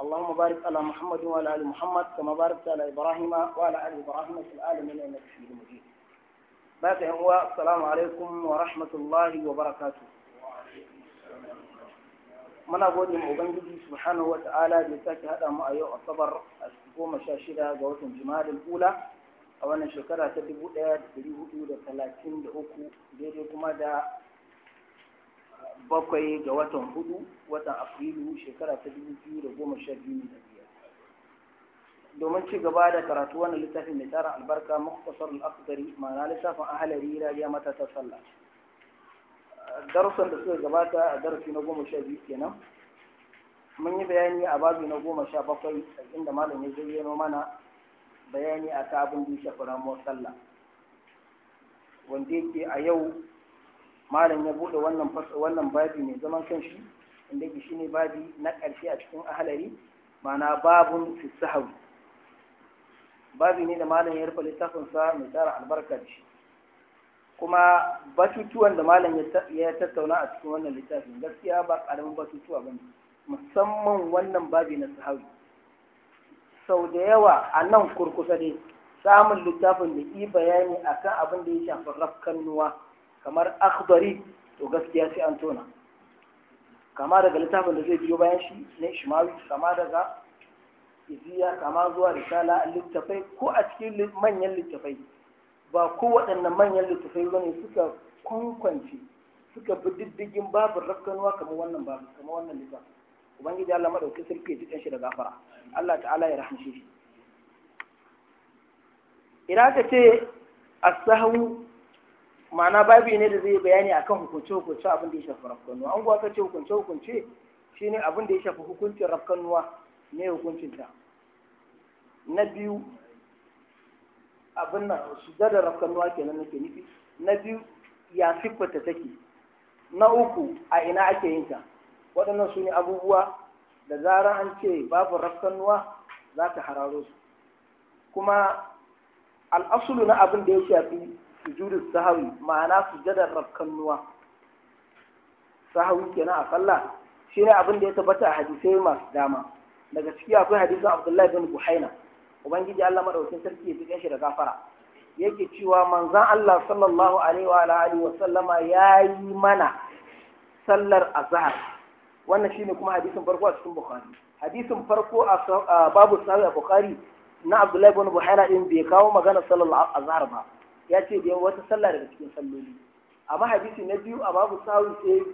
اللهم بارك على محمد وعلى ال محمد كما باركت على ابراهيم وعلى ال ابراهيم في العالمين انك حميد مجيد باقي هو السلام عليكم ورحمه الله وبركاته muna gode ma ubangiji subhanahu wa ta'ala da ya sake hada mu a yau asabar a goma sha shida ga watan jumada kula a wannan shekara ta dubu ɗaya da dari hudu da talatin da uku daidai kuma da bakwai ga watan hudu watan afrilu shekara ta dubu biyu da goma sha biyu ne biyar domin ci gaba da karatu wani littafin mai tara albarka makwasar al ma'ana littafin ahalari rariya mata ta sallah darussan da suka gabata a darasi na goma sha biyu kenan mun yi bayani a babu na goma sha bakwai inda malam ya zayyano mana bayani a ta abin da ya shafi ramuwar sallah wanda yake a yau malam ya bude wannan wannan babi mai zaman kanshi inda ke shine babi na ƙarshe a cikin ahalari ma'ana babun fi sahawi babi ne da malam ya rufe littafin sa mai tsara albarka da shi kuma batutuwan da malam ya tattauna a cikin wannan littafin gaskiya ba ƙaramin batutuwa ba ne musamman wannan babi na sahawi sau da yawa a nan kurkusa dai samun littafin da yi bayani akan abin da ya shafi rafkan nuwa kamar akhbari to gaskiya sai an tona kama daga littafin da zai biyo bayan shi na ishmawi kama daga iziya kama zuwa risala littafai ko a cikin manyan littafai ba ko waɗannan manyan littafai ne suka kwankwance suka bi diddigin babin rafkanuwa kamar wannan babu kamar wannan littafin ubangiji Allah madaukakin sulke jikin shi da gafara Allah ta'ala ya rahamshe shi idan ka ce a sahwu ma'ana babi ne da zai bayani akan hukunce hukunce abin da ya shafi rafkanuwa an gwaka ce hukunce hukunce shine abin da ya shafi hukuncin rafkanuwa ne hukuncinta na biyu abin nan sujada rafkanuwa kenan nake nufi na biyu ya siffata take na uku a ina ake yin ta waɗannan su ne abubuwa da zarar an ce babu rafkanuwa za ta hararo su kuma al'asulu na abin da ya shafi sujudu sahawi ma'ana sujadar nuwa. sahawi kenan a sallah shine abin da ya tabbata a hadisai masu dama daga ciki akwai hadisin Abdullahi bin Buhaina ubangiji Allah madaukakin sarki ya jikin shi da gafara yake cewa manzon Allah sallallahu alaihi wa alihi wa sallama yayi mana sallar azhar wannan shine kuma hadisin farko a cikin Bukhari hadisin farko a babu a Bukhari na Abdullahi bin Buhaina din bai kawo magana sallar azhar ba ya ce da wata sallah daga cikin salloli a hadisi na biyu a babu sawu sai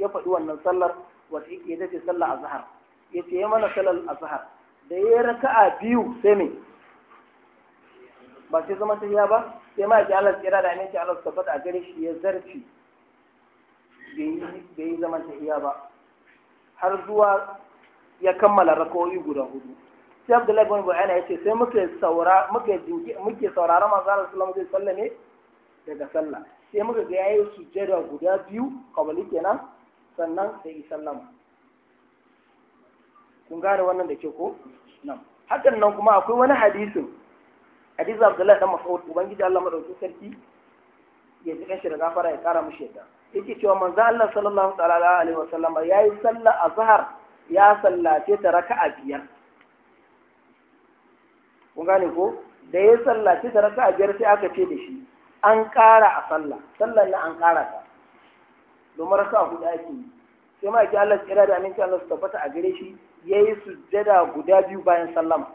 ya faɗi wannan sallar wata yake ita ce a azhar ya ce ya mana sallar azhar da ya raka a biyu sai me ba sai zama ta ba sai ma ya Allah tsira da annabi Allah ta faɗa gare shi ya zarci bai yi zaman ta ba har zuwa ya kammala rakawoyi guda hudu sai abdullahi bin bu'ana ya ce sai muke saura muke jinki muke saurara manzo Allah sallallahu alaihi wasallam ne daga sallah sai muka ga yayi sujjada guda biyu kabali kenan sannan sai sallama kun gane wannan da ke ko nan hakan nan kuma akwai wani hadisin hadisin abdullahi dan mas'ud ubangiji Allah madauki sarki ya ji kanshi da gafara ya kara mushi yadda yake cewa manzo Allah sallallahu alaihi wasallam yayi sallah azhar ya sallace ta raka'a biyar kun gane ko da ya sallaci da raka'a biyar sai aka ce da shi an ƙara a sallah sallan na an ƙara ta domin raka'a guda ake yi sai ma ki Allah tsira da aminci Allah su tabbata a gare shi yayi sujjada guda biyu bayan sallam.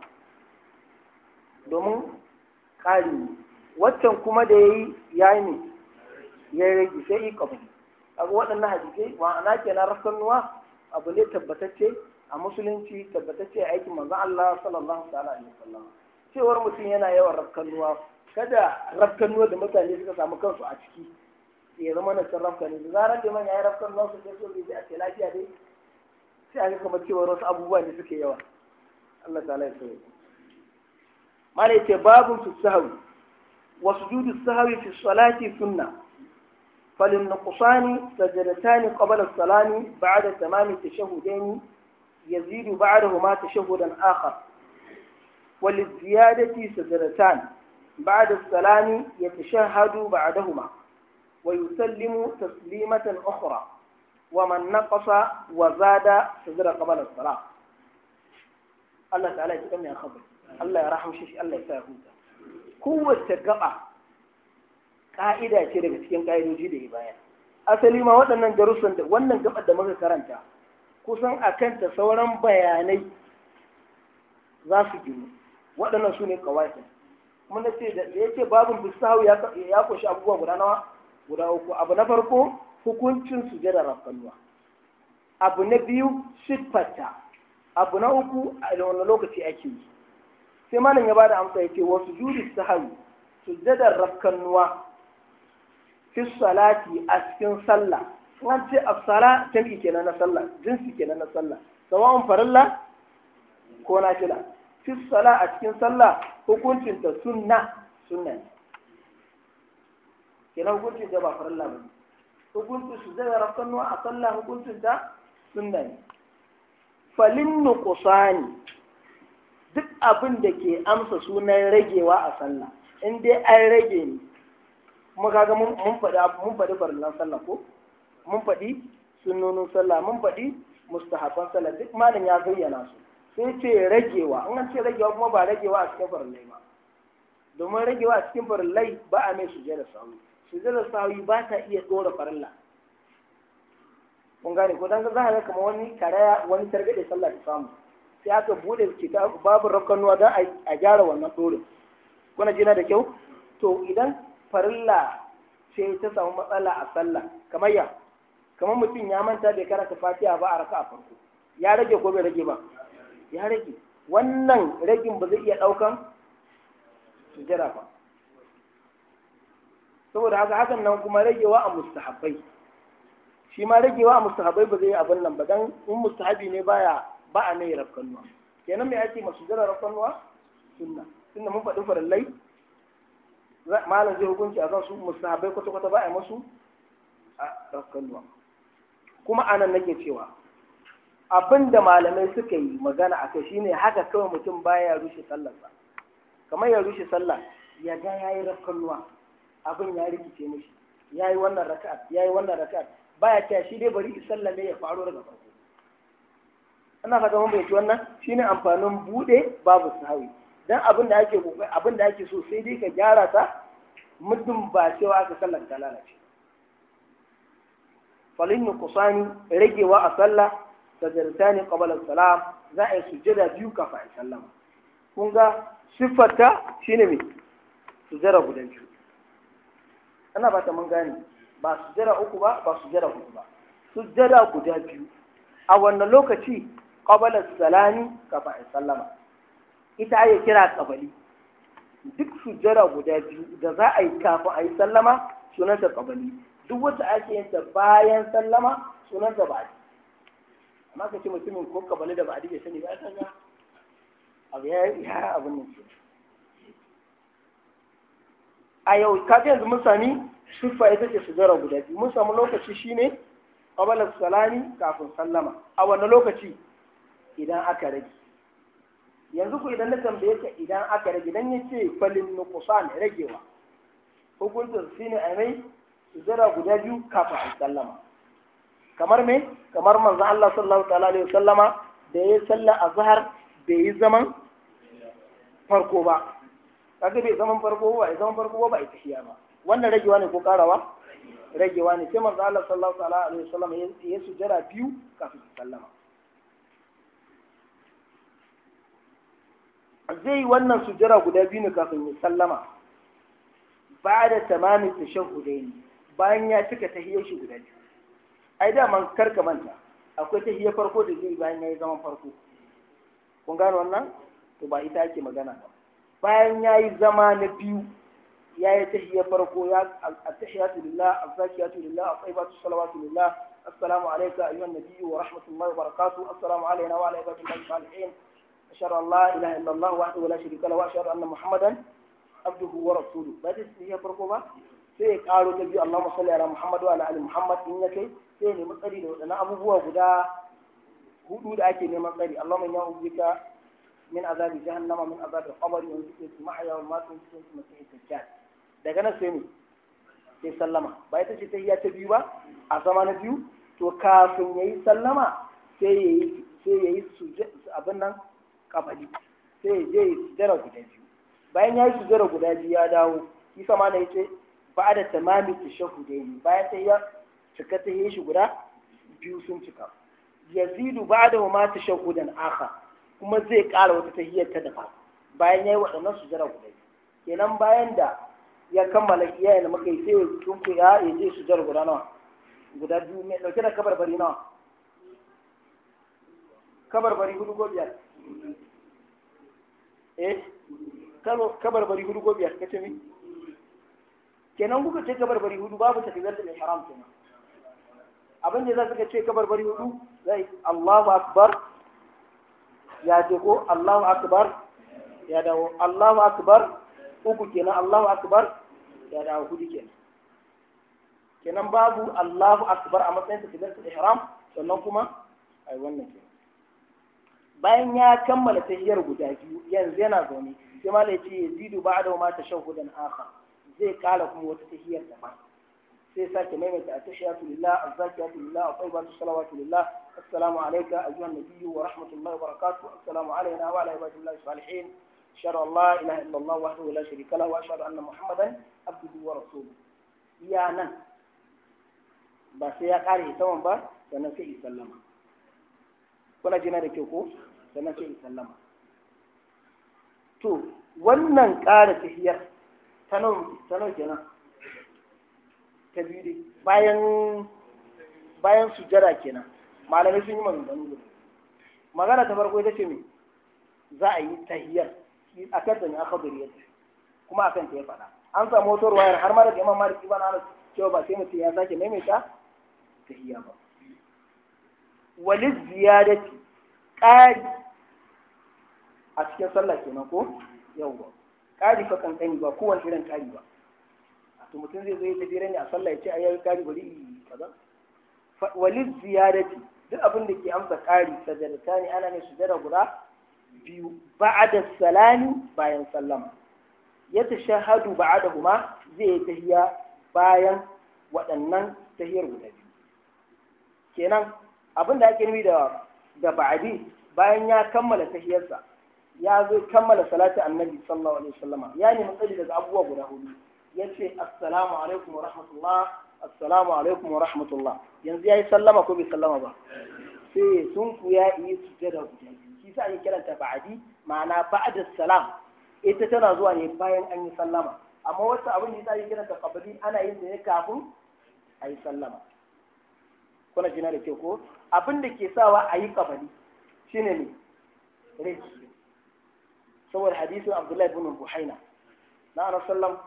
domin ƙari waccan kuma da yayi yayi ne ya rage sai yi kabari abu waɗannan hadisai ma'ana kenan rakannuwa abu ne tabbatacce a musulunci tabbatacce aikin manzo Allah sallallahu alaihi wasallam cewar mutum yana yawan rafkanuwa kada rafkanuwa da mutane suka samu kansu a ciki ya zama na sun rafka da zarar da manya ya rafkanuwa su ke sun a ake lafiya dai sai a kama cewar wasu abubuwa ne suke yawa Allah ta ya su mala yace babun su sahwi wasu judu sahwi fi salati sunna فللنقصان سجدتان قبل السلام بعد تمام da huma ta shahudan آخر وللزيادة سجدتان بعد السلام يتشهد بعدهما ويسلم تسليمة أخرى ومن نقص وزاد سجد قبل الصلاة الله تعالى يتكلم يا خبر الله يرحم شيخ الله يساعده قوة تقطع ka'ida ce daga cikin ka'idoji da ya bayan asali ma waɗannan darussan da wannan gabar da muka karanta kusan a kanta sauran bayanai za su ginu waɗannan su ne kawai kuma na ce da ya ce babin bisahu ya kunshi abubuwa guda nawa guda uku abu na farko hukuncin su sujada rafkanuwa abu na biyu siffarta abu na uku a wani lokaci ake yi sai manin ya bada amsa ya ce wasu juri su sujadar rafkanuwa fi salati a cikin sallah an ce a sala jami'i kenan na sallah jinsi kenan na sallah sawa'un farilla ko na kila. fi sala a cikin sallah hukuncin ta sunna sunna ne kenan hukuncin ta ba farilla ba hukuncin su zai rafannu a sallah hukuncin ta sunna ne falin Kusani, duk abin da ke amsa sunan ragewa a sallah in dai an rage ni kuma kaga mun faɗi mun faɗi farillan sallah ko mun faɗi sunnonin sallah mun faɗi mustahabban sallah duk malam ya bayyana su sai ce ragewa in an ce ragewa kuma ba ragewa a cikin farillai ba domin ragewa a cikin farillai ba a mai sujjada sawi da sawi ba ta iya dora farilla kun gane ko dan za ka kamar wani karaya wani targade sallah ta samu sai aka bude kitab babu rakkanuwa don a gyara wannan dorin kuna jina da kyau to idan farilla ce ta samu matsala a sallah kamar ya kamar mutum ya manta bai karanta fatiha ba a raka a farko ya rage ko bai rage ba ya rage wannan ragin ba zai iya ɗaukan jira ba saboda haka hakan nan kuma ragewa a mustahabai shi ma ragewa a mustahabai ba zai yi abin nan ba dan in mustahabi ne baya ba a nai rafkanuwa kenan me ake masu jira rafkanuwa sunna sunna mun faɗi farallai malam zai hukunci a kan su mustahabai kwata-kwata ba a masu a rafkanuwa kuma anan nake cewa abin da malamai suka yi magana a kai shine haka kawai mutum baya rushe sallarsa kamar ya rushe sallah ya ga ya yi rafkanuwa abin ya rikice mishi ya yi wannan raka'at ya yi wannan raka'at baya ta shi dai bari sallah ne ya faru daga farko ana fata mun bayyaci wannan shine amfanin bude babu sahawi dan abin da ake abin da ake so sai dai ka gyara ta muddin ba cewa aka sallar ta lalace falin yuqsani ragewa a sallah sajdatani qabla salam za a yi sujjada biyu kafin sallama kun ga siffarta shine me sujjada guda biyu ana ba ta mun gane ba sujjada uku ba ba sujjada hudu ba sujjada guda biyu a wannan lokaci qabla salami kafin sallama ita ake kira qabali duk sujjada guda biyu da za a yi kafin a yi sallama sunanta qabali duk wata ake yin ta bayan sallama sunanta ba amma ka ce mutumin ko kabali da ba a dige sani ba ka ga abu ya ya abun nan ce a yau ka ga yanzu mun sami shufa ita ce sujara guda biyu mun samu lokaci shine qabala salami kafin sallama a wannan lokaci idan aka rage yanzu ku idan na tambaye ka idan aka rage dan yace falin nuqsan ragewa hukuncin shine a mai sujara guda biyu kafin sallama kamar me kamar manzo Allah sallallahu ta'ala alaihi wasallama da ya salla azhar bai yi zaman farko ba kaga bai zaman farko ba zaman farko ba ai tafiya ba wannan ragewa ne ko karawa ragewa ne sai manzo Allah sallallahu alaihi wasallama ya sujjara biyu kafin sallama zai wannan sujjara guda biyu ne kafin ya sallama ba da tamamin tashahhudaini bayan ya cika tahiyyar shi guda biyu ai da man karka manta akwai ta hiya farko da zai bayan yayi zaman farko kun gano wannan to ba ita ake magana ba bayan yayi zama na biyu yayi ta hiya farko ya attahiyatu lillah azzakiyatu lillah atayyibatu salawatu lillah assalamu alayka ayyuha nabiyyu wa rahmatullahi wa barakatuh assalamu alayna wa ala ibadil salihin ashhadu an la ilaha illallah wahdahu la sharika lahu wa ashhadu anna muhammadan abduhu wa rasuluhu ba ta hiya farko ba sai ya karo ta biyu Allahumma salli ala Muhammad wa ala Muhammadu Muhammad in ya kai sai ya nemi tsari da waɗannan abubuwa guda hudu da ake neman tsari Allahumma yawon ubika min azabi jahannama min azabi qabri wa min mahya wa matu wa min masih jihar daga nan sai mu sai sallama ba ita ce yi ta biyu ba a zama na biyu to kafin ya yi sallama sai ya yi abin nan kabali sai ya je ya sujjara guda biyu bayan ya yi sujjara guda biyu ya dawo kisa ma da ce. ba da tamami tashahudaini bayan sai ya cika ta yi shi guda biyu sun cika zidu ba da ma tashahudan aka kuma zai ƙara wata hiyar ta dafa bayan ya yi waɗannan su jira guda kenan bayan da ya kammala iyayen da muka yi sai ya tunku ya je su jira guda nawa guda biyu mai ɗauke da kabarbari nawa kabarbari hudu ko biyar eh bari hudu ko biyar kace mi kenan kuka ce bari hudu babu da ihram kenan abin da za su ce bari hudu zai Allahu akbar ya ce ko Allahu akbar ya dawo Allahu akbar uku kenan Allahu akbar ya dawo hudu kenan kenan babu Allahu akbar a matsayin takbiratul haram, sannan kuma ai wannan kenan bayan ya kammala tahiyyar guda biyu yanzu yana zaune sai malai ce yazidu ba'da ma tashahhudan akhar zai kara kuma wata tahiyar da ma sai sake maimaita a tashiyatu lillah azzakiyatu lillah at-tayyibatu salawatu lillah assalamu alayka ayyuhan nabiyyu wa rahmatullahi wa barakatuh assalamu alayna wa ala ibadillahi salihin أشهد أن لا إله إلا الله وحده لا شريك له وأشهد أن محمدا عبده ورسوله يا نن بس يا قاري تمام بس سنسي سلمة ولا جنا ركوكو سنسي سلمة to wannan ƙara tahiyar ta nau kenan ta biyu dai bayan bayan sujada kenan malamai sun yi maganganu guda magana ta farko ita ce me za a yi tahiyar a kan ne aka duriyar kuma ta ya faɗa an samu wata wayar har ma daga imam maliki bana na cewa ba sai mutum ya sake maimaita tahiyya ba walis ziyadati ƙari a cikin sallah kenan ko yau yawwa ƙari fa kan ba kowane irin ƙari ba to mutum zai zo ya tafi rani a sallah ya ce ayyar ƙari bari kaza walid ziyarati duk abin da ke amsa ƙari sajadata ne ana ne sujada guda biyu ba'ada salami bayan sallama ya ta tashahadu da huma zai tahiya bayan waɗannan tahiyar guda biyu kenan abin da ake nufi da da ba'adi bayan ya kammala tahiyarsa ya zo kammala salati annabi sallallahu alaihi wasallama ya nemi tsari daga abubuwa guda hudu ya ce assalamu alaikum wa rahmatullah assalamu alaikum wa rahmatullah yanzu ya yi sallama ko bai sallama ba sai sun ku ya yi sujjada guda shi sa ake kiranta ba'adi ma'ana ba'da salam ita tana zuwa ne bayan an yi sallama amma wasu abin da ake kiranta qabli ana yin ne kafin a yi sallama kuna jina da ke ko abin da ke sawa a yi qabli shine ne rage saboda hadisin abdullahi bin buhaina na ana sallam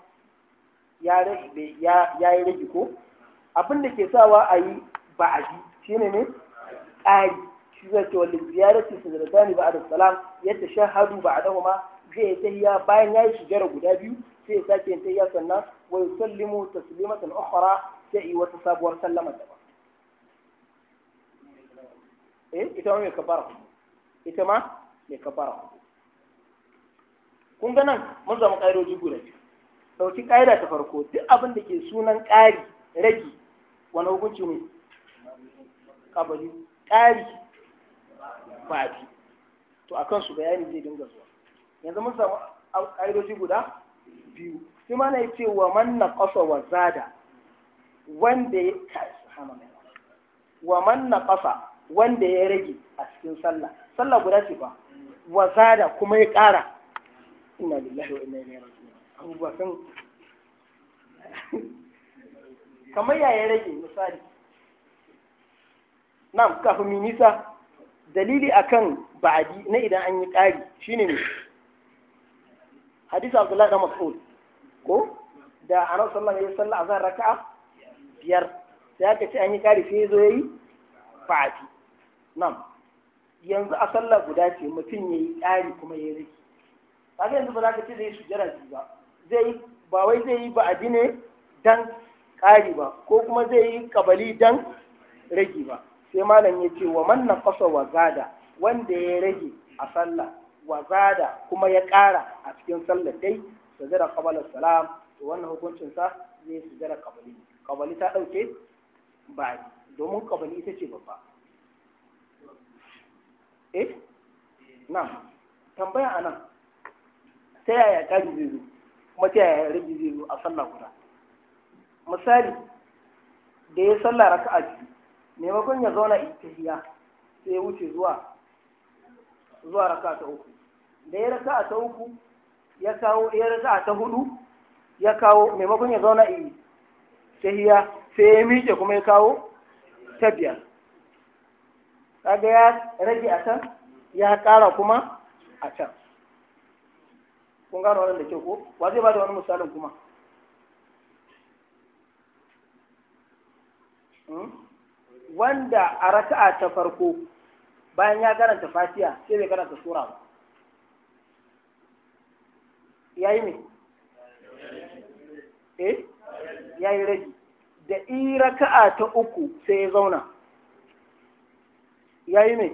ya yi rage ko abin da ke sawa a yi ba a ji shi ne ne ƙari shi zai ce su zani ba a da salam yadda hadu ba a dama ma zai yi tahiya bayan ya yi shigara guda biyu sai ya sake yin tahiya sannan wa yusallimu na ukhra sai yi wata sabuwar sallama eh ita ma mai kafara kun ga nan mun zama ƙa'idoji guda biyu ɗauki ƙa'ida ta farko duk abin da ke sunan ƙari ragi wani hukunci ne kabari ƙari ba bi to a su bayani zai dinga zuwa yanzu mun samu ƙa'idoji guda biyu sai mana ya ce wa man na ƙasa wa zada wanda ya wa man na ƙasa wanda ya rage a cikin sallah sallah guda ce ba wa zada kuma ya ƙara inna lillahi wa inna ilaihi raji'un abubuwa kan kamar rage misali na kafin mi nisa dalili akan ba'adi na idan an yi ƙari shine ne hadisi abdullahi da mas'ud ko da anan sallallahu alaihi wasallam azan raka'a biyar sai aka ce an yi ƙari sai zo yayi ba'adi nan yanzu a sallah guda ce mutum yayi ƙari kuma yayi riki kaga yanzu ba za ka ce zai sujjara biyu ba zai ba wai zai yi ba ne dan ƙari ba ko kuma zai yi kabali dan rage ba sai malam ya ce wa man kasa wa zada wanda ya rage a sallah wa zada kuma ya ƙara a cikin sallah dai zira qabala salam to wannan hukuncin sa zai jira kabali kabali ta dauke ba domin kabali ita ce babba eh na tambaya anan ta yaya ƙari zai zo kuma ta yaya rabi zai zo a sallah guda misali da ya sallah a biyu maimakon ya zauna itahiya sai ya wuce zuwa zuwa raka ta uku da ya raka ta uku ya kawo ya raka ta hudu ya kawo maimakon ya zauna itahiya sai ya miƙe kuma ya kawo ta biyar kaga ya rage a can ya ƙara kuma a can kun gano wannan da kyau ko wa zai bada wani misalin kuma hmm? wanda a raka'a ta farko bayan ya karanta fatiha sai bai karanta sura ba yayi ne eh yayi rage da i raka'a ta uku sai ya zauna yayi ne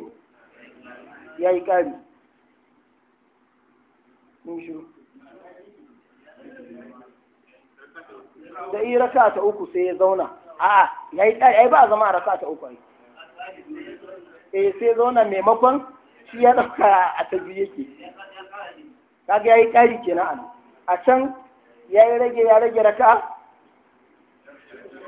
yayi kari kun da yi raka ta uku sai ya zauna ya yi ai ba zama a raka ta uku ai eh sai zauna maimakon shi ya dauka a ta biyu yake kaga yayi kari kenan a can yayi rage ya rage raka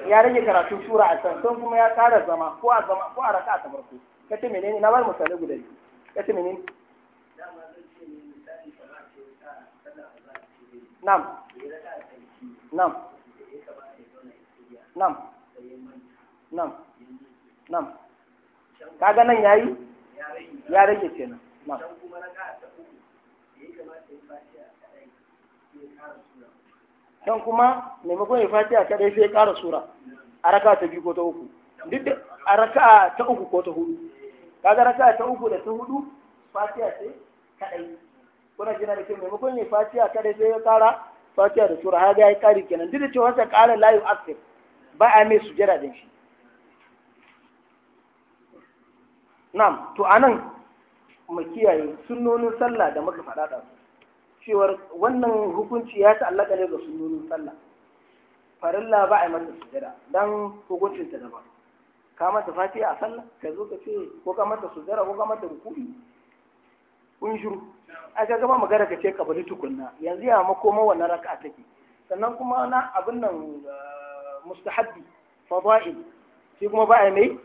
ya rage karatu sura a can sun kuma ya kara zama ko a zama ko a raka ta farko kace menene na bar misali guda biyu kace menene nam nam nam nam nam kaga nan yayi ya rage kenan nam can kuma maimakon ya fatiha kadai sai ya ƙara sura a raka ta biyu ko ta uku duk da a raka ta uku ko ta hudu kaga raka ta uku da ta hudu fatiha sai kadai kuna gina da kyau mukun ne fatiha kada sai ya kara fatiha da sura haga ya kari kenan duk da cewa sa kara la yu'akhir ba a mai sujada din shi na'am to anan mu kiyaye sunnonin sallah da muka faɗa da cewar wannan hukunci ya ta'allaka ne ga sunnonin sallah farilla ba a yi masa sujada dan hukuncin ta daban ka mata fatiha a sallah ka zo ka ce ko ka mata sujada ko ka mata rukuni kun shiru a ga gama magana ka ce kabali tukunna yanzu ya ma wannan raka'a take sannan kuma na abin nan ah, mustahabbi fadail shi kuma ba a mai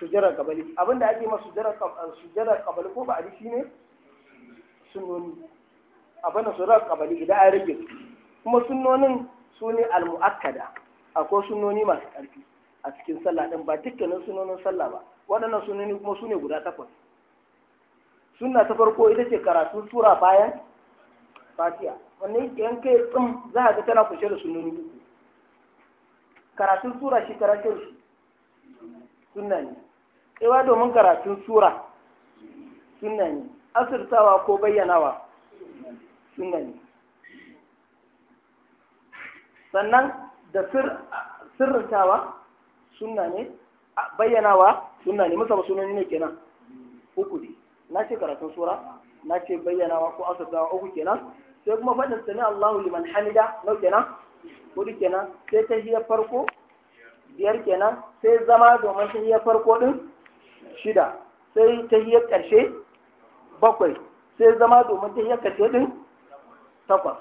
sujjarar kabali abin da ake ma sujjarar ah, kabali ko ba a shi ne sunnoni abin da sujjarar kabali idan an rage kuma sunnonin su ne al akwai sunnoni masu ƙarfi a cikin sallah din ba dukkanin sunnonin sallah ba waɗannan sunnoni kuma su ne guda takwas sunna ta farko ita ce karatun sura bayan fatiha wannan an kai tsum za a ga tana kushe da sunnoni uku karatun sura shi karatun shi sunna ne tsewa domin karatun sura sunna ne asirtawa ko bayyanawa sunna ne sannan da sirrintawa sunna ne bayyanawa sunna ne musamman sunani ne kenan hukuri. ne na ce karatun sura na ce bayyanawa ko asirtawa uku kenan sai kuma faɗin sami Allahu liman hamida nau kenan hudu kenan sai ta hiya farko biyar kenan sai zama domin ta hiya farko din shida sai ta hiya karshe bakwai sai zama domin ta hiya karshe din takwas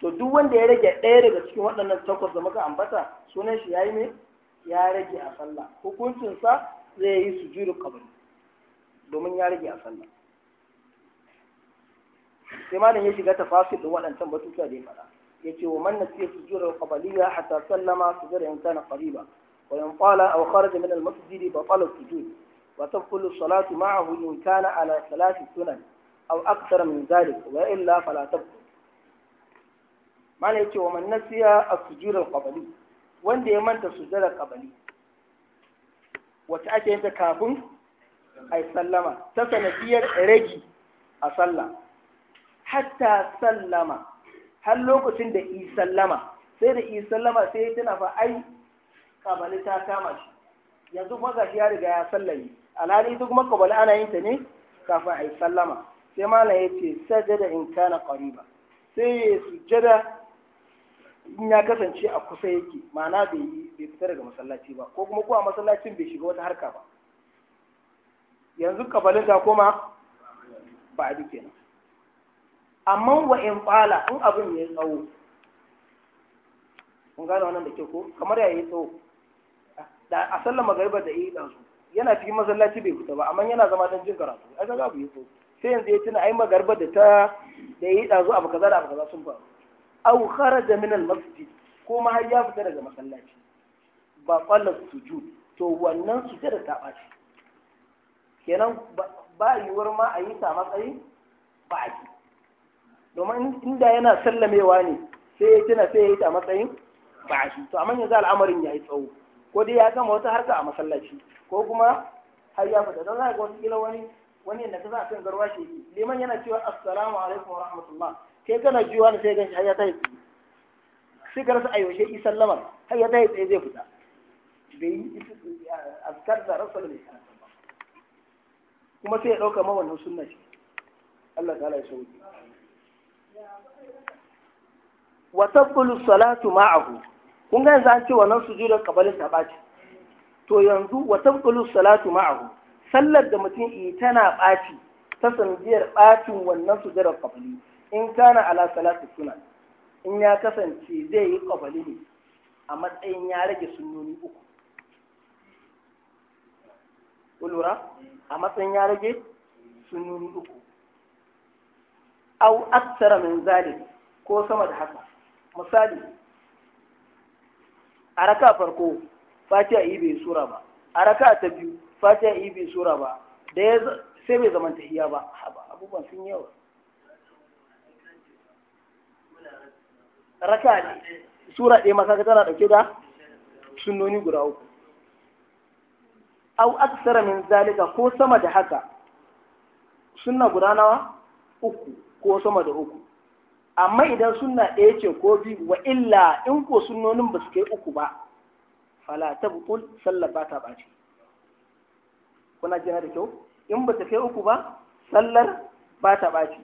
to duk wanda ya rage ɗaya daga cikin waɗannan takwas da muka ambata sunan shi ya yi ne ya rage a sallah hukuncinsa zai yi sujudu kabari domin ya rage a sallah sai malam ya shiga tafasil da waɗancan batutuwa da ya faɗa yace wa man nasiya sujudul qabliya hatta sallama sujud in kana qariba wa in qala aw kharaja min al masjid batala sujud wa tabqulu salatu ma'ahu in kana ala salati sunan aw akthar min zalik wa illa fala tabqu ya yace wa man nasiya as-sujudul wanda ya manta sujudul qabli wacce ake yin ta kafin ai sallama ta sanadiyar ragi a sallah hatta sallama har lokacin da i sallama sai da i sallama sai tana fa ai kabali ta kama shi yanzu kuma gashi ya riga ya sallami alhali duk maka kabali ana yin ta ne kafin ai sallama sai malam ya ce sajada in kana qariba sai ya sujjada in ya kasance a kusa yake ma'ana bai fita daga masallaci ba ko kuma ko a masallacin bai shiga wata harka ba yanzu kabalin ta koma ba a kenan amma wa in fala in abin ya tsawo kun gane wannan da ke ko kamar ya yi tsawo da a sallar magariba da yi dan su yana cikin masallaci bai fita ba amma yana zama don jin karatu ai ga babu yaso sai yanzu ya tuna ai magariba da ta da yi dan su abu kaza da abu kaza sun faru au kharaja min al masjid ko ma har ya fita daga masallaci ba qallat sujud to wannan da ta shi kenan ba yiwuwar ma a yi sa matsayi ba a yi domin inda yana sallamewa ne sai ya tuna sai ya yi ta matsayin ba a shi to amma yanzu al'amarin ya yi tsawo ko dai ya gama wata harka a masallaci ko kuma har ya fita don za wani wasu kila wani wani yadda kasa za a kan garwa shi liman yana cewa assalamu alaikum wa rahmatullah kai kana jiwa ne sai ganshi har ya tayi tsaye sai ka rasa a yaushe yi sallamar har ya tayi tsaye zai fita bai yi azkar da rasul kuma sai ya ɗauka ma wannan sunna shi Allah ta'ala ya sauki wa tabbalu salatu ma'ahu kun ga yanzu an ce wannan sujudar kabalin ta ɓaci to yanzu wa tabbalu salatu ma'ahu sallar da mutum yi tana ɓaci ta sanadiyar ɓacin wannan sujudar kabali in kana ala salatu sunna in ya kasance zai yi kabali ne a matsayin ya rage sunnoni uku. Kulura? a matsayin ya rage sunnoni uku au aksara min zalik ko sama da haka misali a raka farko fatiha yi bai sura ba a raka ta biyu fatiha yi bai sura ba da ya sai bai zama tahiya ba haba abubuwan sun yawa raka ne sura ɗaya makaka tana ɗauke da sunnoni guda uku au aksara min zalika ko sama da haka sunna guda nawa uku ko sama da uku amma idan sunna ɗaya ce ko biyu wa illa in ko sunnonin ba su kai uku ba fala ta bukul sallar ba ta ɓaci kuna jina da kyau in ba ta kai uku ba sallar ba ta ɓaci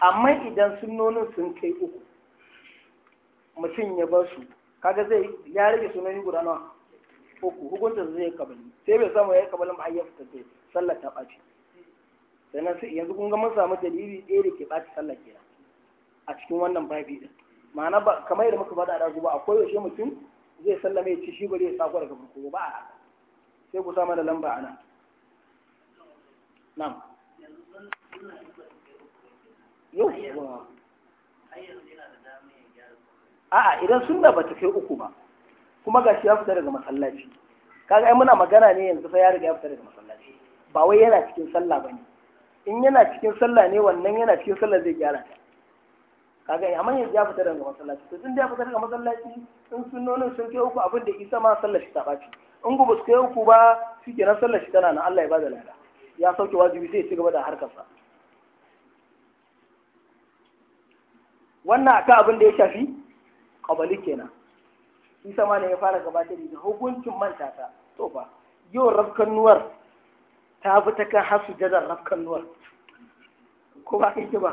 amma idan sunnonin sun kai uku mutum ya bar su kaga zai ya rage sunnonin guda nawa uku hukuncin zai kabali sai bai samu yayi kabalin ba ai ya fitace sallar ta ɓaci sannan sai yanzu kun ga mun samu dalili ɗaya da ke ɓaci sallar kenan a cikin wannan babi ɗin ma'ana ba kamar yadda muka faɗa da su ba a koyaushe mutum zai sallame ya ci shi ba zai sako daga farko ba a sai ku samu da lamba a nan na'am yau a'a idan sunna ba ta kai uku ba kuma gashi ya fita daga masallaci kaga ai muna magana ne yanzu fa ya riga ya fita daga masallaci ba wai yana cikin sallah bane in yana cikin sallah ne wannan yana cikin sallah zai gyara ta kaga amma yanzu ya fita daga masallaci to tun da ya fita daga masallaci in sunnonin sun kai uku abin da isa ma sallah shi ta baci in ku ba su kai uku ba na sallah shi tana nan Allah ya bada lada ya sauke wajibi sai ya ci gaba da harkarsa wannan akan abin da ya shafi kabali kenan shi sama ne ya fara gabatar da hukuncin manta ta to ba yau rafkan nuwar ta fi ta kan hasu jadar rafkan nuwar ko ba kai ba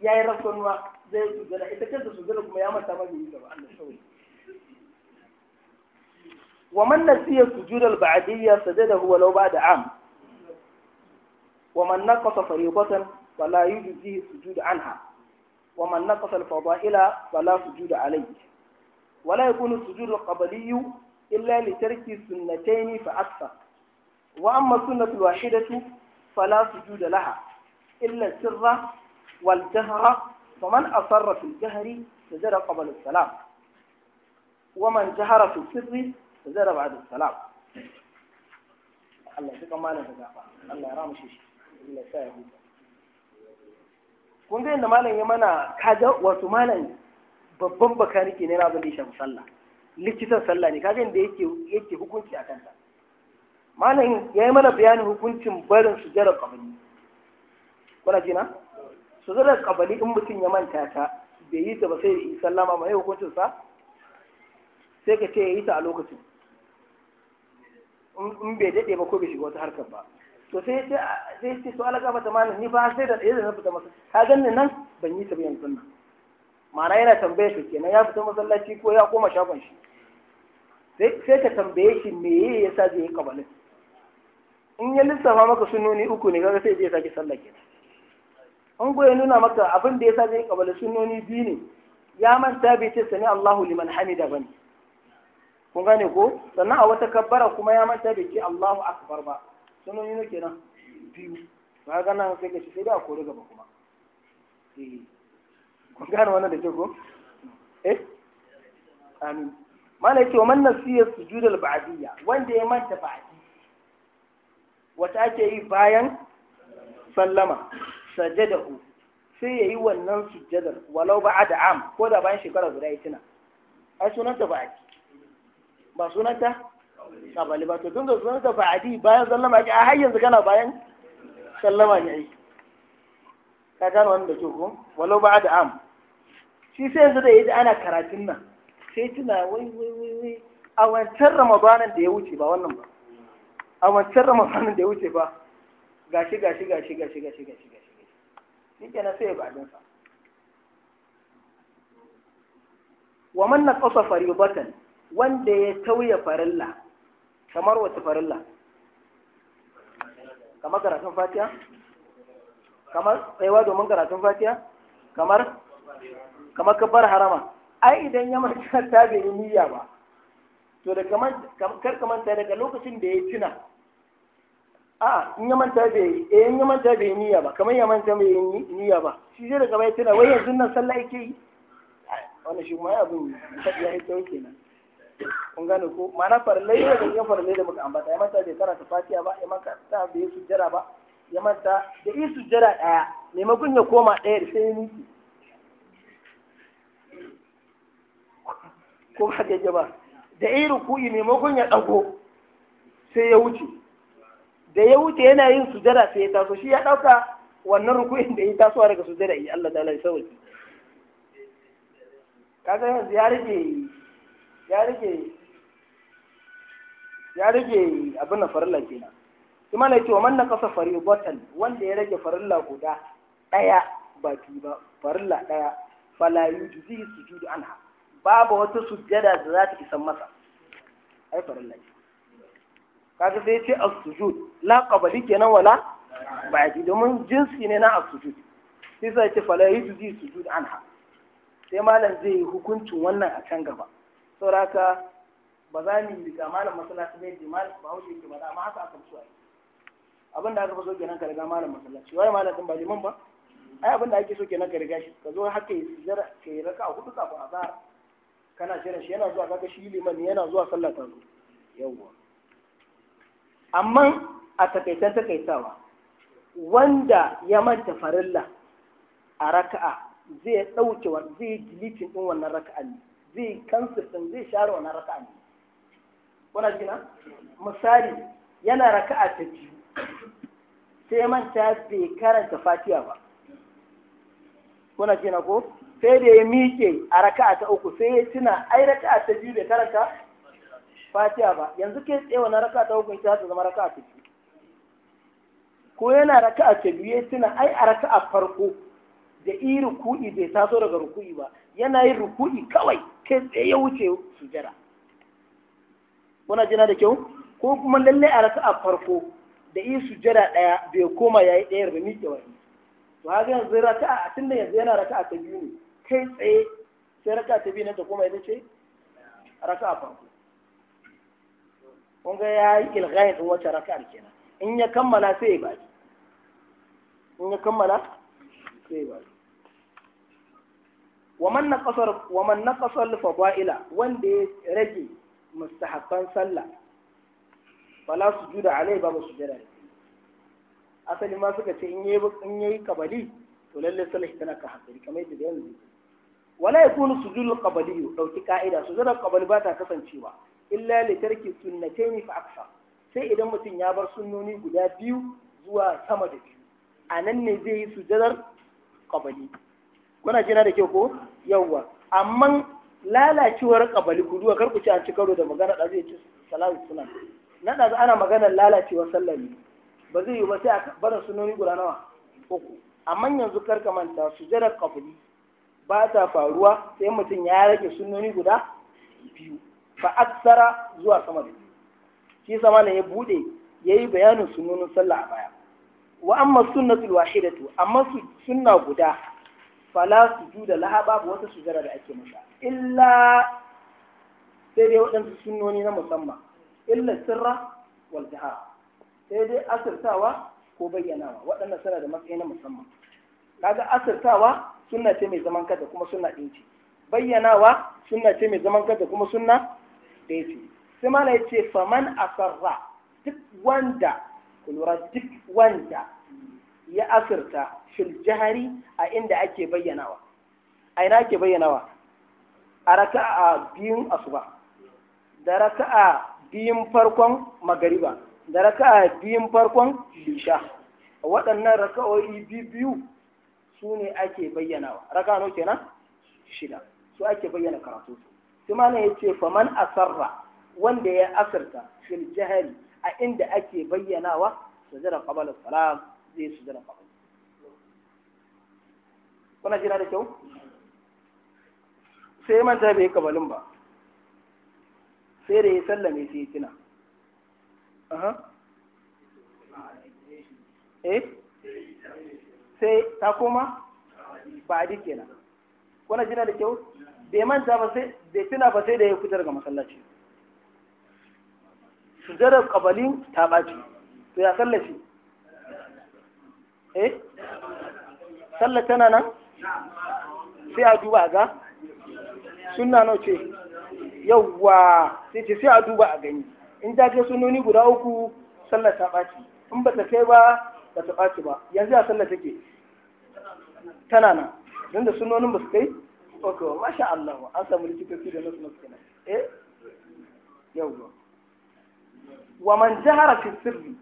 ya yi rafkan nuwa zai sujada ita kanta sujada kuma ya manta ma yi gaba Allah sauri wa man nasiya sujudal ba'diyya huwa walau ba'da am wa man naqasa fariqatan fala yujzihi sujud anha wa man naqasa al-fada'ila fala sujud alayhi ولا يكون السجود القبلي إلا لترك سنتين فأكثر وأما السنة الواحدة فلا سجود لها إلا السر والجهر فمن أصر في الجهر فزر قبل السلام ومن جهر في السر فزر بعد السلام الله يسكن مالا فزافا الله يرام شيش إلا سايا كنت عندما لن يمنا كذا وتمالا babban bakanike ne na abin da ya shafi sallah likitan sallah ne kaga inda yake yake hukunci a kanta malamin ya yi mana bayanin hukuncin barin sujjarar kabali kuna ji na sujjarar kabali in mutum ya manta ta bai yi ta ba sai yi sallama mai hukuncin sa sai ka ce ya yi ta a lokacin in bai dade ba ko bai shiga wata harkar ba to sai ya ce su alaƙa mata malam ni ba sai da yadda na fita masa ka ganni nan ban yi ta ba sunna ma'ana yana tambaye shi kenan ya fita masallaci ko ya koma shagon shi sai ka tambaye shi me yasa zai yi kabalin in ya lissafa maka sunnoni uku ne kaga sai zai sake sallah kenan an goye nuna maka abin da yasa zai kabalin sunnoni biyu ne ya manta bai ce sani Allahu liman hamida bane kun gane ko sannan a wata kabbara kuma ya manta bai ce Allahu akbar ba sunnoni ne kenan biyu ba ga nan sai ka ci sai da a kore gaba kuma eh. kun gane wannan da ke ko eh amin malai ce wa man nasiya sujudul ba'diyya wanda ya manta ba'di wata ake yi bayan sallama sajadahu sai yayi wannan sujjadar walau ba'da am ko da bayan shekara guda ya tuna ai sunanta ba'di ba sunanta kabali ba to tun da sunanta ba'di bayan sallama ki a har yanzu kana bayan sallama ne ai ka gano wannan da ke ko walau ba da am shi sai yanzu da ya ji ana karatun nan sai tuna wai wai wai wai a wancan ramadanan da ya wuce ba wannan ba a wancan ramadanan da ya wuce ba gashi gashi gashi gashi gashi gashi gashi shi kenan sai ya ba abinsa wa man naqasa faribatan wanda ya tauya farilla kamar wata farilla kamar karatun fatiha kamar tsayawa domin karatun fatiya kamar kamar kabbar harama ai idan ya manta ta bai niyya ba to da kamar kar kamar ta daga lokacin da ya tuna a in ya manta bai eh in ya manta bai niyya ba kamar ya manta bai niyya ba shi zai daga bai tuna wai yanzu nan sallah yake yi wannan shi ma abin ya yi kyau kenan kun gane ko ma'ana farlai da gangan farlai da muka ambata ya manta bai karanta fatiya ba ya manta bai sujjara ba ya manta da isu jira ɗaya maimakon ya koma ɗaya da sai miki ko ba ta da yi ruku'i maimakon ya ɗago sai ya wuce da ya wuce yana yin jira sai ya taso shi ya ɗauka wannan ruku'in da ya tasowa daga sujjada yi Allah dalai sauki kaga yanzu ya rike ya rike ya rike abin na farilla kenan kuma na ce wa man fari faribatan wanda ya rage farilla guda daya ba biyu ba farilla daya fala yujzi sujudu anha babu wata sujjada da za ta isan masa ai farilla ce kaga sai ce as-sujud la qabli kenan wala ji domin jinsi ne na a sujud sai sai ce fala yujzi sujud anha sai malam zai yi hukuncin wannan a can gaba saboda haka ba za mu yi ga malam masallaci ne ji malam ba hausa yake ba amma haka aka so a yi abin da aka fi so kenan ka riga malam masallaci wai malam din ba liman ba ai abin da ake so kenan ka riga shi ka zo har kai sujjara kai raka hudu kafin azhar kana shirin shi yana zuwa kaga shi liman ne yana zuwa sallah ta zo yawwa amma a takaitan takaitawa wanda ya manta farilla a raka'a zai dauke wa zai dilitin ɗin wannan raka'a ne zai kansir din zai share wannan raka'a ne kuna jina misali yana raka'a ta biyu sai manta bai karanta fatiha ba kuna ce na ko sai da ya miƙe a raka'a ta uku sai ya tuna ai raka'a ta biyu da karanta fatiha ba yanzu kai tsaye wannan raka'a ta uku ta zama raka'a ta biyu ko yana raka'a ta biyu ya tuna ai a raka'a farko da i ruku'i bai taso daga ruku'i ba yana yin ruku'i kawai kai tsaye ya wuce sujada kuna jina da kyau ko kuma lalle a raka'a farko da yi sujjada ɗaya bai koma ya yi ɗayar ba miƙe wani to haka yanzu raka'a tun da yanzu yana raka'a ta biyu ne kai tsaye sai raka'a ta biyu na ta koma ita ce raka'a farko kun ga ya yi ilghayin ɗin wacce raka'ar kenan in ya kammala sai ya baki in ya kammala sai ya baki waman na ƙasar waman na wanda ya rage mustahabban sallah Bala su juda alai ba su jira asali ma suka ce in yayi kabali to lalle sallah tana ka hakuri kamar yadda yanzu wala ya yakunu sujudul qabli ɗauki ka'ida sujudul kabali ba ta kasancewa illa li tarki sunnatayn fa aksa sai idan mutum ya bar sunnoni guda biyu zuwa sama da biyu a nan ne zai yi sujudar kabali kuna jira da kyau ko yawwa amma lalacewar kabali ku duwa kar ku ci an ci karo da magana da zai ci salatu sunan na ɗazu ana maganar lalacewar sallah ne ba zai yi ba sai a barin sunoni guda nawa uku amma yanzu karka manta su jira kabuli ba ta faruwa sai mutum ya rage sunoni guda biyu fa aksara zuwa sama da shi sama ne ya bude ya yi bayanin sunonin sallah a baya wa amma sunnatul wahidatu amma sunna guda fala sujuda laha babu wata sujara da ake masa illa sai dai waɗansu sunnoni na musamman illa sirra wal jihar sai dai asirtawa ko bayyanawa waɗannan suna da matsayi na musamman kaga asirtawa sunna ce mai zaman kanta kuma sunna ɗin ce bayyanawa sunna ce mai zaman kanta kuma sunna ɗaya ce sai mala ce faman asarra duk wanda kulura duk wanda ya asirta fil jahari a inda ake bayyanawa a ina ake bayyanawa a raka'a biyun asuba da raka'a biyun farkon magariba da raka'a biyun farkon isha waɗannan raka'o'i biyu su ne ake bayyanawa raka'a no kenan shida su ake bayyana karatu su mana ya ce faman asarra wanda ya asarta fil jahari a inda ake bayyanawa zira qabala salam zai sujada qabala kuna jira da kyau sai manta bai kabalin ba sai da ya sallame sai ya tuna eh sai ta koma ba a dike na. kuna jina da kyau bai manta ba sai bai tuna ba sai da ya fitar ga masallaci sujjadar kabalin ta ɓaci to ya sallaci eh sallar tana nan sai a duba ga sunna nau ce yawwa sai ce sai a duba a gani in ta ce sunoni guda uku sallar ta ɓaci in ba ta kai ba ba ta ɓaci ba yanzu a sallar take tana nan don da sunonin ba su kai ok masha Allah an samu likitoci da nasu nasu kenan eh yawwa wa man jahara fi sirri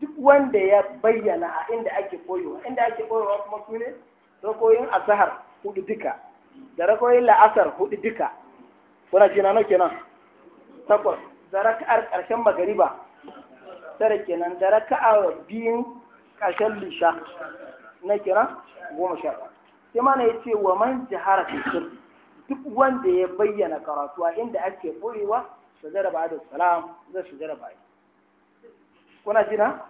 duk wanda ya bayyana a inda ake koyowa inda ake koyowa kuma su ne rakoyin azhar hudu duka da rakoyin la'asar hudu duka kuna ce na nau nan takwas da karshen ƙarshen magariba tare kenan zaraka a biyun ƙarshen lisha na kira goma sha sai mana ya ce wa man jihara fisir duk wanda ya bayyana karatu a inda ake ɓoyewa su zara ba da salam zai su zara ba kuna jina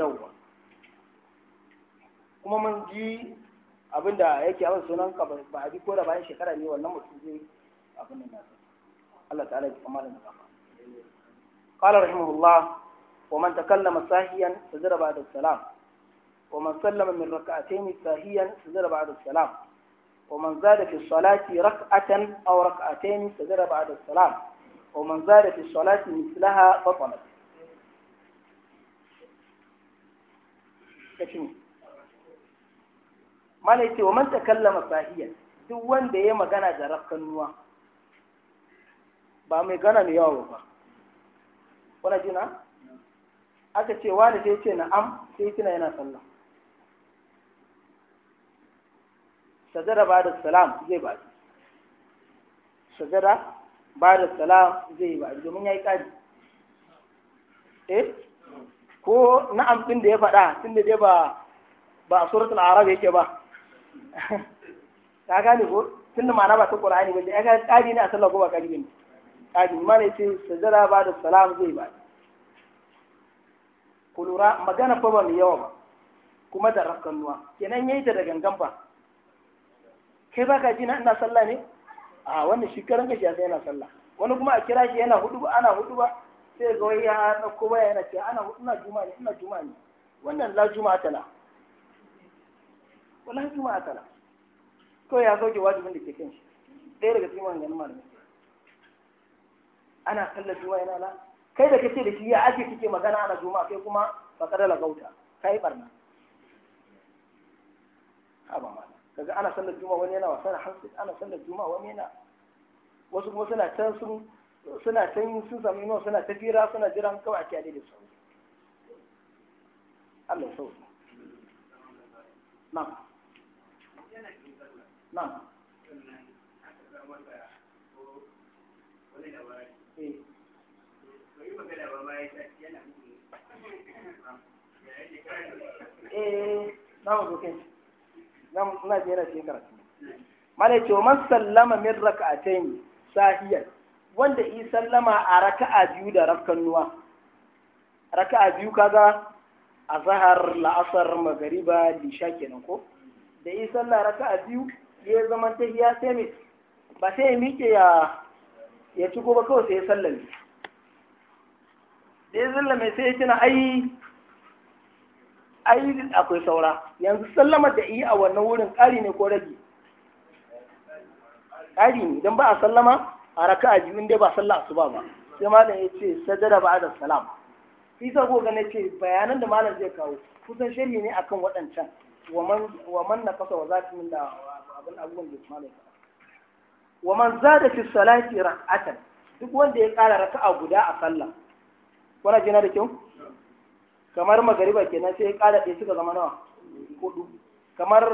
ba kuma mun ji abinda yake abin sunan ba a bi ko da bayan shekara ne wannan mutum zai abin da Allah ta'ala ya kama da zama qala rahimahullah wa man takallama sahiyan sajada ba'da salam wa man sallama min rak'atayn sahiyan sajada ba'da salam Wa ومن زاد في الصلاة ركعة أو ركعتين سجد بعد السلام ومن زاد في الصلاة مثلها بطلت kashin mana yace wa man takallama sahiyan duk wanda ya magana da rakkanuwa ba mai gana mai yawa ba kuna jina aka ce wani sai ce na'am sai tuna yana sallah sajada ba da salam zai ba sajada ba da salam zai ba domin ya yi ƙari eh ko na'am ɗin da ya faɗa tun da dai ba ba a suratul arab yake ba ka gane ko tun da ma'ana ba ta qur'ani ba ya ga ƙari ne a sallah ko ba ƙari ne kafin mana yace sajada ba da salam zai ba ku lura magana fa ba mai yawa ba kuma da Yanayin kenan yayi ta da gangan ba kai baka ji na ina sallah ne a wannan shekaran ka shi yana sallah wani kuma a kira shi yana hudu ba ana hudu ba sai ga wai ya dauko waya yana ce ana hudu ina juma'a ne ina juma'a ne wannan la juma'a tala wallahi juma'a tala to ya zo wajen da ke kan shi ɗaya daga cikin maganganun malamai ana sallar wa yana nan? kai da kace da shi ya ake kike magana ana juma'a kai kuma ba kada la gauta kai barna haba ma kaga ana sallar juma'a wani yana wasan hansu ana sallar juma'a wani yana wasu kuma suna can sun suna can sun samu nuna, suna tafira suna jiran kawai a kiyaye da su Allah sauki na'am na'am eh ce malai ce man sallama min ne sahiyar, wanda yi sallama a raka'a biyu da rakkanuwa raka'a biyu kaga zahar la'asar magariba lisha kenan ko da yi sallah raka'a biyu ya zama ya sai ba sai ya miƙe ya ya ci gobe kawai sai ya sallame da ya sallame sai ya cina, ai ai akwai saura yanzu sallamar da iya a wannan wurin ƙari ne ko rage ƙari ne don ba a sallama a raka a biyu dai ba sallah su ba ba. sai malam ya ce sadara ba da salam isa ko ga ce bayanan da malam zai kawo kusan shirye ne akan waɗancan wa man na kasa wa zati min da abin abubuwan da malam ya wa man zada fi salati ra'atan duk wanda ya kara raka'a guda a sallah kuna jina da kyau kamar magariba kenan sai ya kara ɗaya suka zama nawa hudu kamar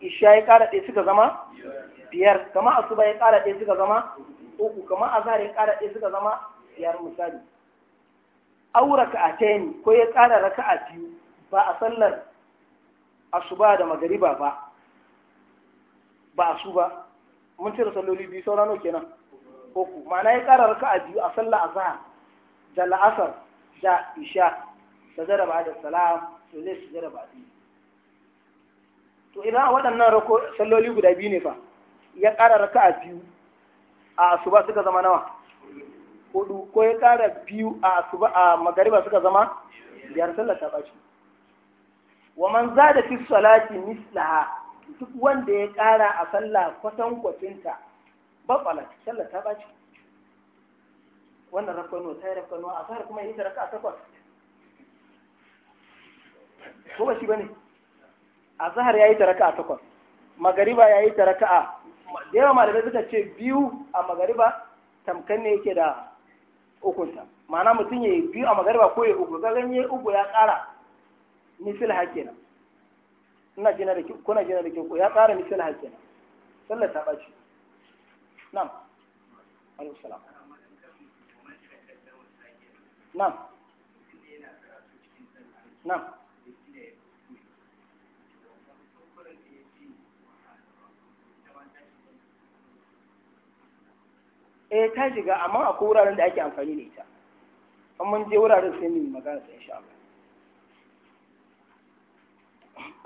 isha ya kara ɗaya suka zama biyar kamar asuba ya kara ɗaya suka zama uku kamar azhar ya kara ɗaya suka zama biyar misali aw raka'atayn ko ya kara raka'a biyu ba a sallar asuba da magariba ba ba su ba mun cire salloli biyu saura nawa kenan uku ma'ana ya ƙara a biyu a sallah zaha da la'asar da isha zara ba da salam to su zara ba da to idan a waɗannan rako salloli guda biyu ne fa ya ƙara a biyu a asuba suka zama nawa hudu ko ya ƙara biyu a asuba a magariba suka zama biyar sallah ta ɓaci wa man zada fi salati mislaha duk wanda ya ƙara a sallah kwatan kwacinta kwala sallah ta ɓaci wannan rafkano ta yi rafkano a fara kuma yin ta raka a takwas ko ba shi ba ne a zahar ya yi ta raka a takwas magariba ya yi ta raka a da yawa malamai suka ce biyu a magariba tamkan ne yake da ukunta ma'ana mutum ya yi biyu a magariba ko ya uku ga ganye uku ya ƙara misil hakenan ina jina da kuna jina da ko ya tsara ƙara na hakkin sallar ta ɓaci nam alaikum salam nam nam eh ta shiga amma akwai wuraren da ake amfani da ita an mun je wuraren sai mu magana sai insha Allah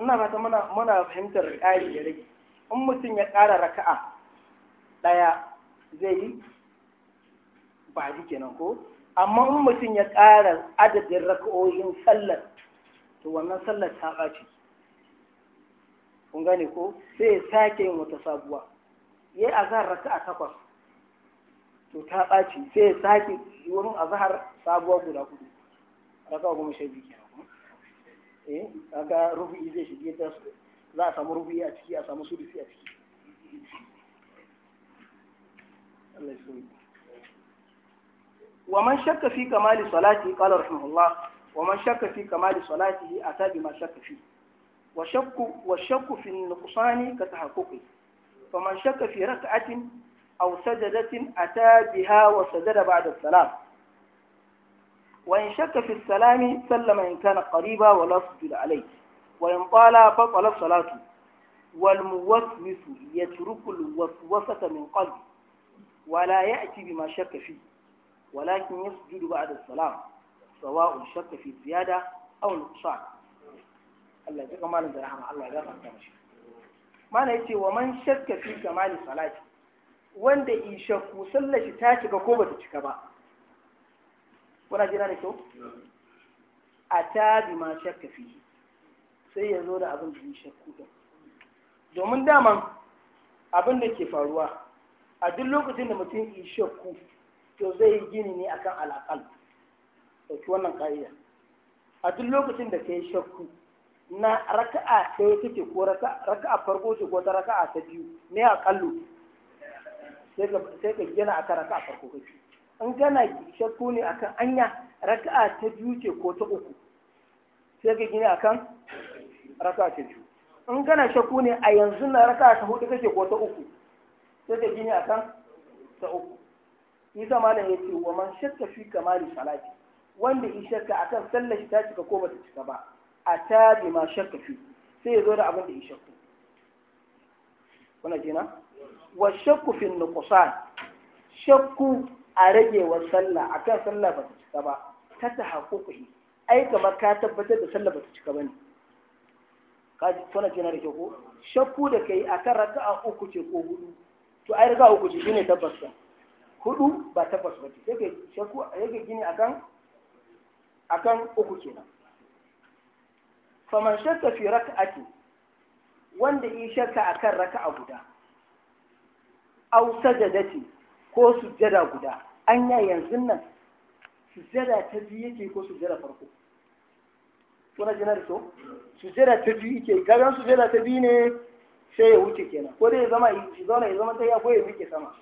ina fata muna muna fahimtar ƙari da rage in mutum ya ƙara raka'a ɗaya zai yi ba kenan ko amma in mutum ya ƙara adadin raka'o'in sallar to wannan sallar ta ɓaci kun gane ko sai ya sake yin wata sabuwa ya yi azahar raka'a takwas to ta ɓaci sai ya sake wurin azahar sabuwa guda kudu raka'a goma sha biyu eh kaga rubu'i zai shige ta za a samu rubu'i a ciki a samu su a ciki ومن شك في كمال صلاته قال رحمه الله ومن شك في كمال صلاته أتى بما شك فيه وشك والشك في النقصان كتحققه فمن شك في ركعة أو سجدة أتى بها وسجد بعد السلام وإن شك في السلام سلم إن كان قريبا ولا سجد عليه وإن طال بطلت صلاته والموسوس يترك الوسوسة من قلبه ولا يأتي بما شك فيه ولكن يسجد بعد السلام سواء شك في زيادة أو نقصان الله يجزاك ما نزل رحمه الله يجزاك ما نزل ما نيتي ومن شك في كمال صلاته wanda in shakku sallar shi ta cika ko bata cika ba kuna jira da kyau a ta bi ma shakka fi sai ya zo da abin da ya shakku da domin daman abin da ke faruwa a duk lokacin da mutum ya shakku to zai yi gini ne akan alaƙal ɗauki wannan ƙa'ida a duk lokacin da ka yi shakku na raka'a ta yi take ko raka'a farko ce ko ta raka'a ta biyu ne a kallo sai ka gina akan raka'a farko kake in gana shakku ne akan anya raka'a ta biyu ce ko ta uku sai ga gina akan raka'a ta biyu in gana shakku ne a yanzu na raka'a ta hudu kake ko ta uku sai ga gina akan ta uku isa malam ya ce wa man shakka fi kamali salati wanda in shakka akan sallar shi ta cika ko bata cika ba a ta ma shakka fi sai ya zo da abin da ya shakku kuna jina wa shakku fi nuqsan shakku a rage wa sallah akan sallah ba ta cika ba ta ta haƙuƙi ai kamar ka tabbatar da sallah ba ta cika ba ne ka ji tona jina da ke ko shakku da kai akan raka'a uku ce ko hudu to ai a uku ce ne tabbas ba hudu ba tabbas ba ce yake shakku yake gini akan kan uku kenan faman shakka fi ake wanda yi shakka akan raka'a guda aw sajadati ko sujjada guda anya yanzu nan sujjada ta biyu yake ko sujjada farko kuna jinar da so sujjada ta biyu yake gagan sujjada ta biyu ne sai ya wuce kenan ko dai ya zama ya zauna ya zama sai ko ya miƙe sama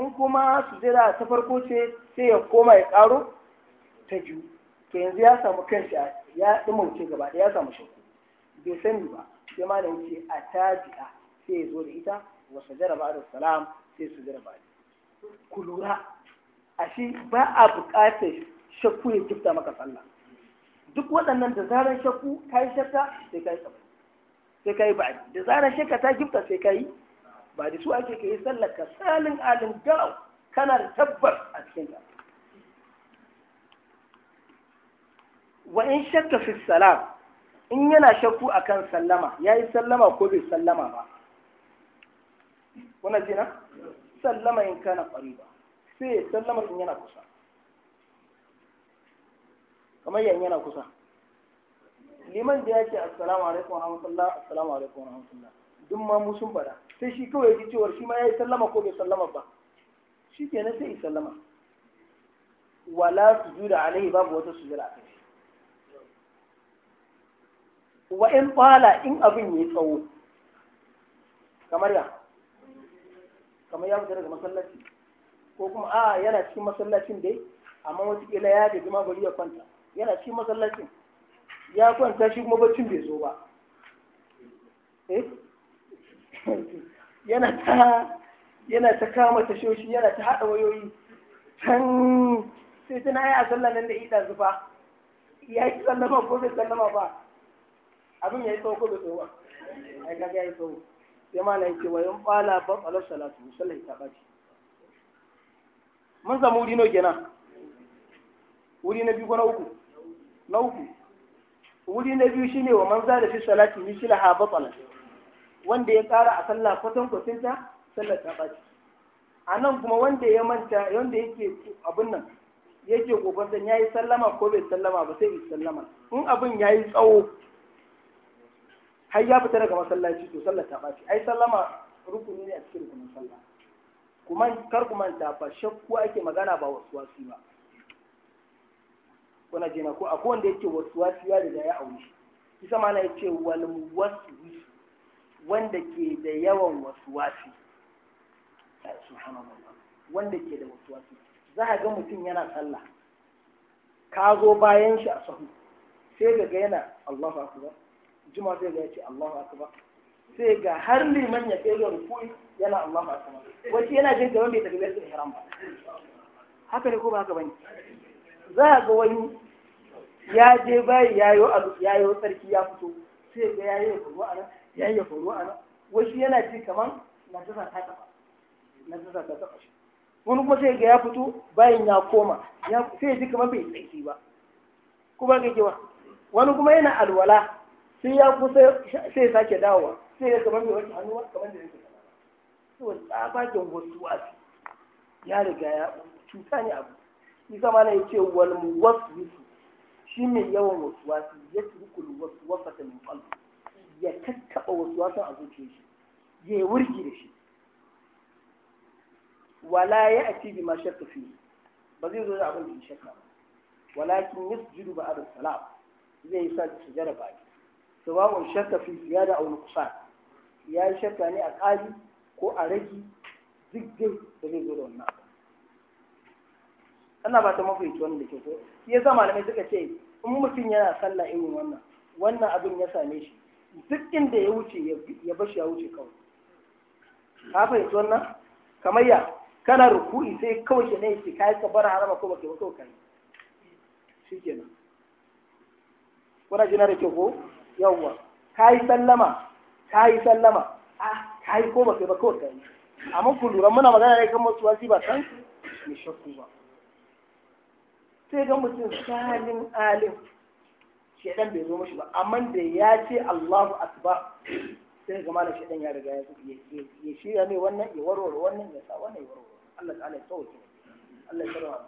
in kuma sujjada ta farko ce sai ya koma ya ƙaro ta biyu to yanzu ya samu kanshi ya wuce gaba ɗaya ya samu shakku bai sani ba sai malam ce a tajiya sai ya zo da ita wa sajara da salam sai sujjada ba'da ku lura a shi ba a buƙatar shakku ya kifta maka sallah duk waɗannan da zarar shakku ka yi shakka sai ka yi tsaba sai ka yi ba'a da zarar shakka ta kifta sai ka yi ba da su ake ka yi sallah ka salin alin garau kana da tabbar a cikin ka wa in shakka fi salam in yana shakku akan sallama ya yi sallama ko bai sallama ba wannan jina? sallama in kana ƙwariba sai sallama in yana kusa kamar yan yana kusa liman da yake assalamu alaikum wa rahmatullah assalamu alaikum wa rahmatullah duk ma mu sun fada sai shi kawai ya ji cewa shi ma yi sallama ko bai sallama ba shi ke sai yi sallama wala da alaihi babu wata sujuda akai wa in fala in abin ya yi tsawo kamar ya kamar ya fita daga masallaci ko kuma a yana cikin masallacin dai amma watakila ya gaji ma bari ya kwanta yana cikin masallacin ya kwanta shi kuma baccin bai zo ba eh? yana ta yana ta kama yana ta haɗa wayoyi can sai tana ya sallah nan da ita zufa ya yi sallama ko bai sallama ba abin ya yi tsawo ko bai tsawo ba ai kaga ya yi tsawo sai mana yake wa yin bala ba qala salatu musallai ta ɓace. mun zama wuri no gina wuri na biyu ko na uku na uku wuri na biyu shine wa man zada fi salati mislaha batala wanda ya tsara a sallah kwatan kwatin ta sallar ta ɓace. a nan kuma wanda ya manta wanda yake abin nan yake kokon ya yi sallama ko bai sallama ba sai yi sallama in abin ya yi tsawo har ya fita daga masallaci to sallar ta ɓaci ai sallama rukuni ne a cikin rukunin sallah kuma kar ku manta fa shakku ake magana ba wasu wasu ba kuna jina ko akwai wanda yake wasu wasu ya riga ya aure kisa mana ya ce wal wasu wanda ke da yawan wasu wasu wanda ke da wasu wasu za a ga mutum yana sallah ka zo bayan shi a sahu sai ga yana Allahu akbar juma zai ga ce Allahu akbar sai ga har liman ya kai zuwa rukui yana Allahu akbar wace yana jin gaban bai tafi bai ihram ba haka ne ko ba haka bane za ga wani ya je bayi yayo yayo sarki ya fito sai ga yayi faru ana nan yayi faru a wasu yana ji kamar na tasa ta kafa na tasa ta kafa shi wani kuma sai ga ya fito bayan ya koma sai ya ji kamar bai tsaki ba kuma ga kewa wani kuma yana alwala sai ya kusa sai ya sake dawowa sai ya kamar mai wata hannuwa kamar da yake to tsabagen wasu wasu ya riga ya cuta ne abu shi zama ne yace wal muwaswisu shi mai yawan wasu wasu ya turkul wasu wasata min qalbi ya tattaba wasu wasu a zuciyar shi ya yi wurgi da shi wala ya ati bi ma shakka fi ba zai zo da abin da ya shakka ba walakin yasjudu ba'da salam zai yi sa sujjada baki sawa'un shakka fi ziyada aw nuqsan ya yi shakka ne a ƙari ko a ragi duk dai da zai zo da wannan abu ana ba ta mafi wannan da ke ko? ya sa malamai suka ce in mutum yana sallah irin wannan wannan abin ya same shi duk inda ya wuce ya bashi ya wuce kawai ka fahimci wannan kamar ya kana ruku'i sai kawai ke ne ki kai ka bar harama ko baka ba kawai kai shikenan kuna jina ke ko yawwa ka yi sallama ka yi sallama a ka yi ko ba kai ba kawai ka amma ku lura muna magana ne kan masu wasi ba kan mai shakku ba sai ga mutum salin alim shedan bai zo mashi ba amma da ya ce Allahu akbar sai ga malam shedan ya riga ya shirya ne wannan ya warware wannan ya sa wannan ya warware Allah ta'ala ya tsawaita Allah ya tsara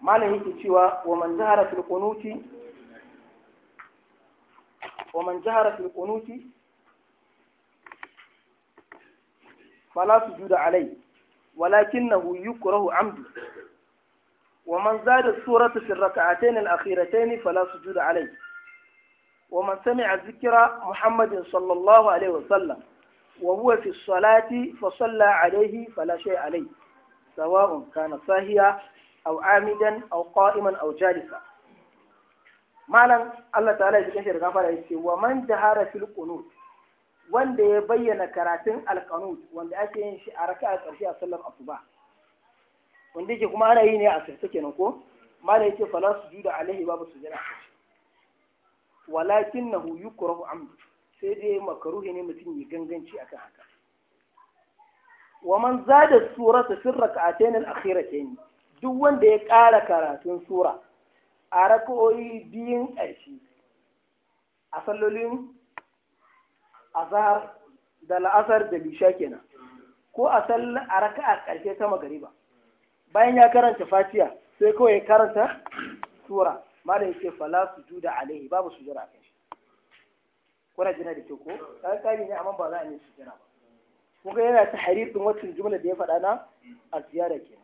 malam yake cewa wa man zahara fil qunuti ومن جهر في القنوت فلا سجود عليه ولكنه يكره عمد ومن زاد السورة في الركعتين الأخيرتين فلا سجود عليه ومن سمع ذكر محمد صلى الله عليه وسلم وهو في الصلاة فصلى عليه فلا شيء عليه سواء كان صاهيا أو عامدا أو قائما أو جالسا malan Allah ta'ala ya cikin da gafara ya ce wa man jahara fil qunut wanda ya bayyana karatun alqanut wanda ake yin shi a raka'a karshe a sallar asuba wanda yake kuma ana yi ne a sirce kenan ko malan yake fala sujuda alaihi babu sujuda walakinahu yukrahu amdu sai dai makaruhi ne mutum ya ganganci akan haka wa man zada surata sirra ka'atayn al-akhiratayn duk wanda ya ƙara karatun sura a rakoyi biyun ƙarshe a sallolin azhar da la'asar da lisha kenan ko a sallar a a ƙarshe ta magariba bayan ya karanta fatiya sai kawai ya karanta sura malam yake fala da alaihi babu su a kan kuna jina da ke ko kai kai ne amma ba za a yi jira ba Kuma yana ta harifin wacin jumla da ya faɗa na a ziyara ke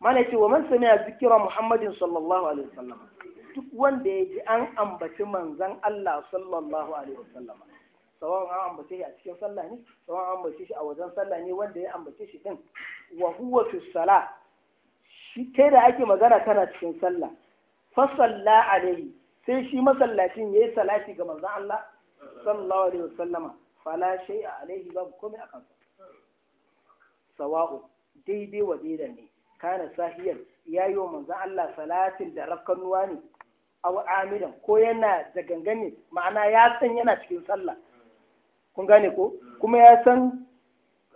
mana ce wa man a zikira muhammadin sallallahu alaihi wasallam duk wanda ya ji an ambaci manzan Allah sallallahu alaihi wasallam sawan an ambace shi a cikin sallah ne sawan an ambace shi a wajen sallah ne wanda ya ambace shi din wa huwa fi sala shi kai da ake magana kana cikin sallah fa salla alaihi sai shi masallacin yayi salati ga manzan Allah sallallahu alaihi wasallama fala shay'a alaihi babu komai a kansa sawa'u daidai wa daidai ne kana sahiyar ya yi wa manzan Allah salatin da rakannuwa ne a amidan ko yana da gangane ma'ana ya san yana cikin sallah kun gane ko kuma ya san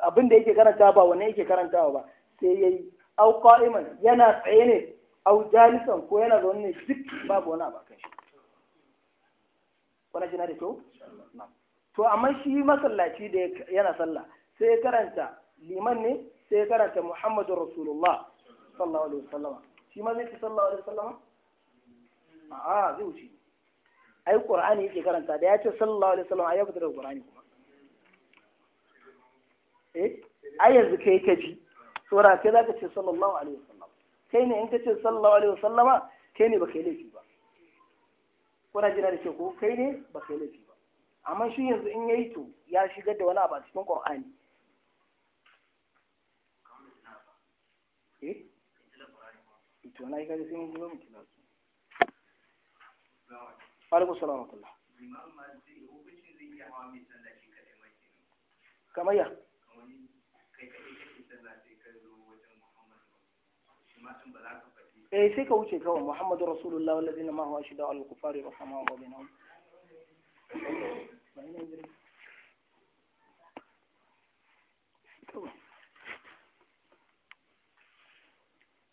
abin da yake karanta ba wani yake karantawa ba sai yayi yi. qa'iman yana tsaye ne aw jalisan ko yana zaune ne duk babu wani abu kan shi wani jina da kyau to amma shi masallaci da yana sallah sai ya karanta liman ne sai ya karanta Muhammadu rasulullah sallallahu alaihi wasallama shi ma zai ci sallallahu alaihi wasallama a'a zai wuce ai qur'ani yake karanta da ya ce sallallahu alaihi wasallama ai ya fita daga qur'ani kuma eh ai yanzu kai ka ji saboda kai zaka ce sallallahu alaihi wasallam kai ne in ka ce sallallahu alaihi wasallama kai ne baka yi laifi ba kuna jira da ke ko kai ne baka yi laifi ba amma shi yanzu in yayi to ya shigar da wani abu a cikin qur'ani eh السلام تكون هناك من يكون هناك من يكون هناك من يكون هناك من يكون هناك من يكون هناك محمد رسول الله والذين ما هو أشداء الكفار رحمه الله بينهم Come on.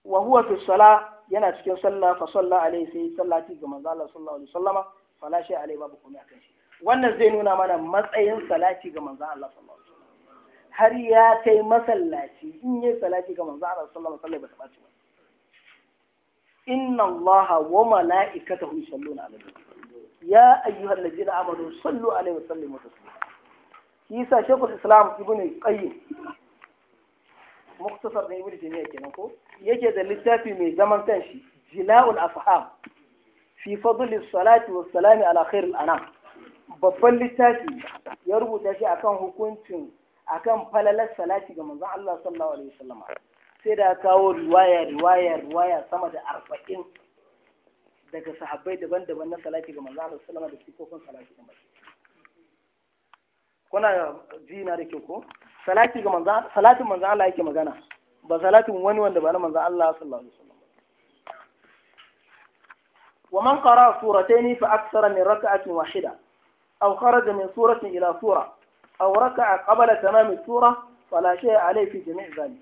wa huwa fi sala yana cikin sallah fa salla alaihi sai sallati ga manzo Allah sallallahu alaihi wasallama fala shay alaihi babu komai akan shi wannan zai nuna mana matsayin salati ga manzo Allah sallallahu alaihi wasallam har ya kai masallaci in yi salati ga manzo Allah sallallahu alaihi wasallam ba ta ba inna Allah wa mala'ikatahu yusalluna ala ya ayyuhal ladina amanu sallu alaihi wa sallimu taslima yasa shaykhul islam ibnu qayyim muktasar da ibnu taymiya kenan ko yake da littafi mai zaman kanshi jina'ul afham fi fadli salati was salami ala al anam babban littafi ya rubuta shi akan hukuncin akan falalar salati ga manzon Allah sallallahu alaihi wasallam sai da kawo riwaya riwaya riwaya sama da arba'in daga sahabbai daban-daban na salati ga manzon Allah sallallahu alaihi wasallam da sifofin salati ga manzon kuna ji na da ke ko salati ga manzon salatin manzon Allah yake magana ba salatin wani wanda ba na manzan Allah sallallahu alaihi wasallam wa man qara suratayni fa aksara min raka'atin wahida aw kharaja min suratin ila sura aw raka'a qabla tamam sura fala shay'a alayhi fi jami' dhalik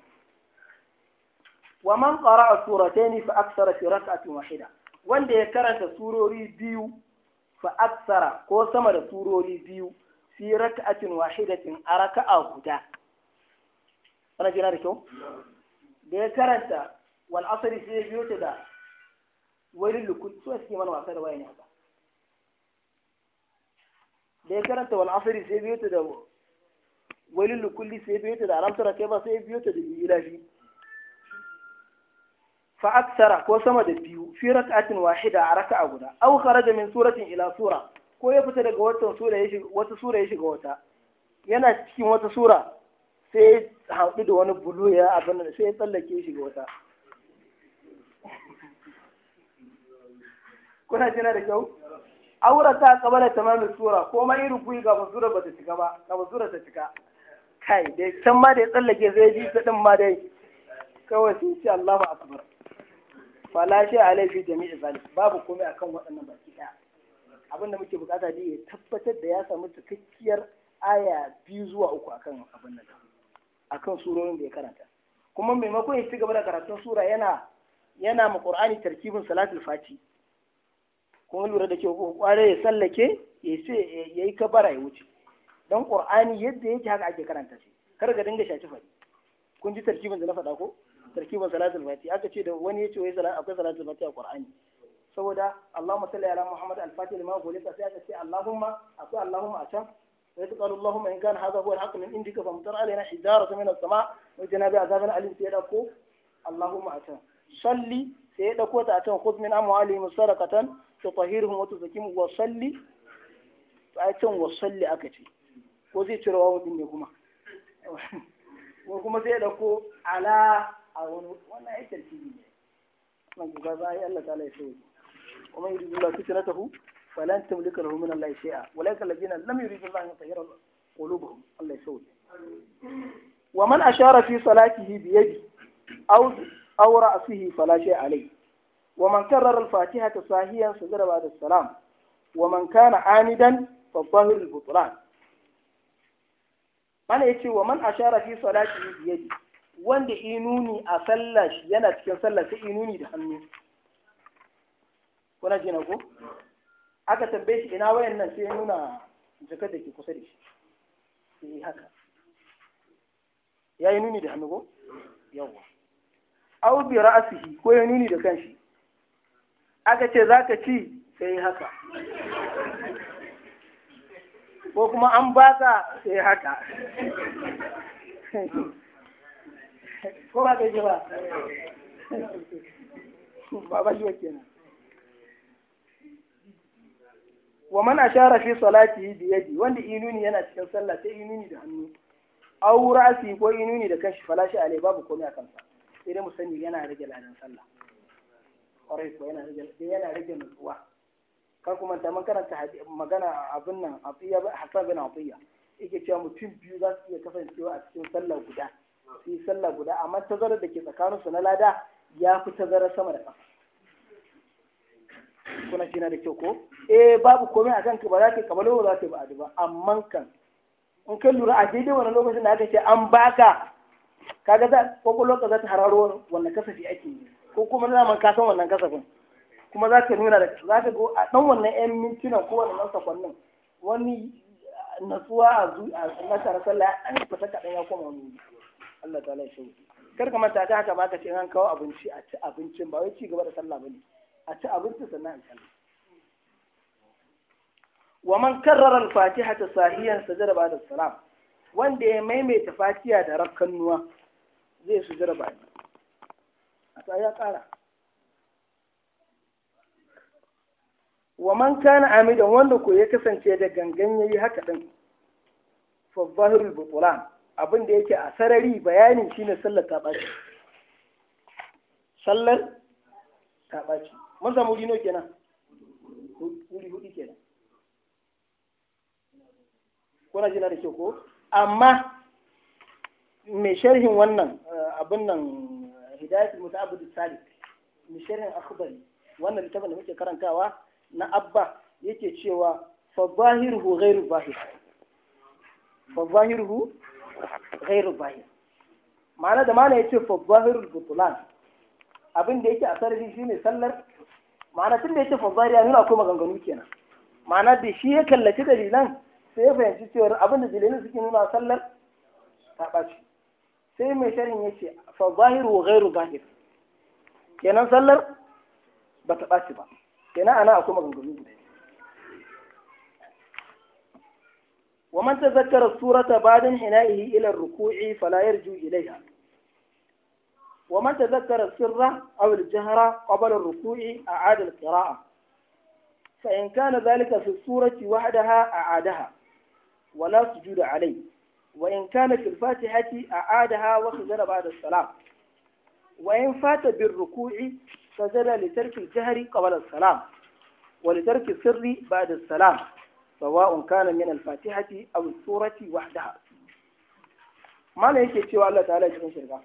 wa man qara suratayni fa aksara fi raka'atin wahida wanda ya karanta surori biyu fa aksara ko sama da surori biyu fi raka'atin wahidatin araka'a guda Kana jina da kyau da ya karanta wal asali sai ya biyo ta da wailul likul so suke mana wasa da wayan haka da ya karanta wal asri sai biyo ta da wailul likulli sai biyo ta da alamta rake ba sai biyo ta da ilahi fa aksara ko sama da biyu fi rak'atin wahida a raka'a guda aw kharaja min suratin ila sura ko ya fita daga wata sura ya shiga wata yana cikin wata sura sai haɗu da wani bulu ya abin da sai ya tsallake shi ga wata kuna jina da kyau aura ta kabala tamamin sura ko ma irin kuyi ga sura ba ta cika ba ga sura ta cika kai dai can ma da ya tsallake zai ji ta din ma dai kawai sai ce Allahu akbar fala shi alaihi jami'i zali, babu komai akan waɗannan baki ɗaya da muke bukata ne ya tabbatar da ya samu cikakkiyar aya biyu zuwa uku akan abin nan akan surorin da ya karanta kuma maimakon ya ci gaba da karatun sura yana yana ma qur'ani tarkibin salatul fati kuma lura da kyau kware ya sallake ya ce ya yi kabara ya wuce don qur'ani yadda yake haka ake karanta shi kar ga dinga shaci fari kun ji tarkibin da na faɗa ko tarkibin salatul fati aka ce da wani ya ce wai akwai salatul fati a qur'ani saboda Allahumma salli ala Muhammad al-Fatih lima ghulita sai aka ce Allahumma akwai Allahumma a can ويسأل اللهم إن كان هذا هو الحق من عندك فامطر علينا حجارة من السماء وجنابي بعذاب أليم سيدكو اللهم أتى صلي سيدكو تأتى خذ من أموالهم صدقة تطهيرهم وتزكيهم وصلي أتى وصلي أكتي وزي ترواه دينكما وهم سيدكو على وانا أي الفيديو ما قضاء الله تعالى يسوي ومن يريد الله فتنته falan tamlika lahum min Allah shay'a walakin alladhina lam yuridu Allah an yutahhira qulubuhum Allah yasawwi wa man ashara fi salatihi bi yadi aw aw ra'sihi fala shay'a alayhi wa man karrara al-fatihata sahiyan sajada ba'da as amidan fa dhahir al wanda inuni a sallah yana cikin sallah sai inuni da hannu kuna ko aka tambaye shi ina wayan nan sai ya nuna jaka da ke kusa da shi sai eh, yi haka ya yi nuni da hannu ko yawwa au bi ra'asihi ko ya nuni da kanshi aka ce zaka ci sai haka ko kuma an baka sai haka ko ba ka ji ba ba ba ji wa kenan wa man ashara fi salati bi yadi wanda inuni yana cikin sallah sai inuni da hannu aw ra'si ko inuni da kanshi falashi alai babu komai a kansa sai dai mu yana rage ladan sallah kwarai ko yana rage yana rage nutsuwa kar kuma ta man karanta magana abin nan afiya hasan bin afiya yake cewa mutum biyu za su iya kasancewa a cikin sallah guda yi sallah guda amma tazarar da ke tsakaninsu na lada ya fi tazarar sama da kafa. kuna shi na da kyau ko eh babu komai a kanka ba za ka kabalo ba za ka ba adi ba amma kan in ka lura a daidai wannan lokacin da aka ce an baka kaga za ka za ta hararo wannan kasafi ake yi ko kuma na man kasan wannan kasafin kuma za ka nuna da za ka go a dan wannan yan mintunan ko wannan sakonnin wani natsuwa a zuwa a nasar sallah an fita kaɗan ya koma wani Allah ta ya shi kar ka manta ta haka ba ka ce an kawo abinci a ci abincin ba wai ci gaba da sallah ba ne. a ci abinci sannan a kalla wa man karrara al-fatiha ta sahiyan sajada ba da salam wanda ya maimaita fatiha da rakkanuwa zai su sujada ba a ta ya kara wa man kana amidan wanda ko ya kasance da gangan yayi haka din fa zahirul butulan abin da yake a sarari bayanin shine sallar ta bace sallar ta ɓaci mun samu wuri nawa kenan wuri hudu kenan kuna jina da kyau ko amma mai sharhin wannan eh, abin nan hidayatul muta'abbid salik mai sharhin akhbari wannan littafin da muke karantawa na abba yake cewa fa hu ghairu bahir fa zahiruhu ghairu bahir ma'ana da ma'ana yace fa zahirul butlan abin da yake a sarari shi ne sallar ma'ana tun da yake fadariya nuna ko maganganu kenan ma'ana da shi ya kallaci dalilan sai ya fahimci cewar abin da dalilan suke nuna sallar ta ɓaci sai mai sharin ya ce fadahiru wa gairu zahir kenan sallar ba ta ɓaci ba kenan ana akwai maganganu guda ومن تذكر السورة بعد انحنائه إلى الركوع فلا يرجو إليها ومن تذكر السر أو الجهر قبل الركوع أعاد القراءة فإن كان ذلك في السورة وحدها أعادها ولا سجود عليه وإن كان في الفاتحة أعادها وخزن بعد السلام وإن فات بالركوع سجد لترك الجهر قبل السلام ولترك السر بعد السلام سواء كان من الفاتحة أو السورة وحدها ما لا يكفي الله تعالى يجب أن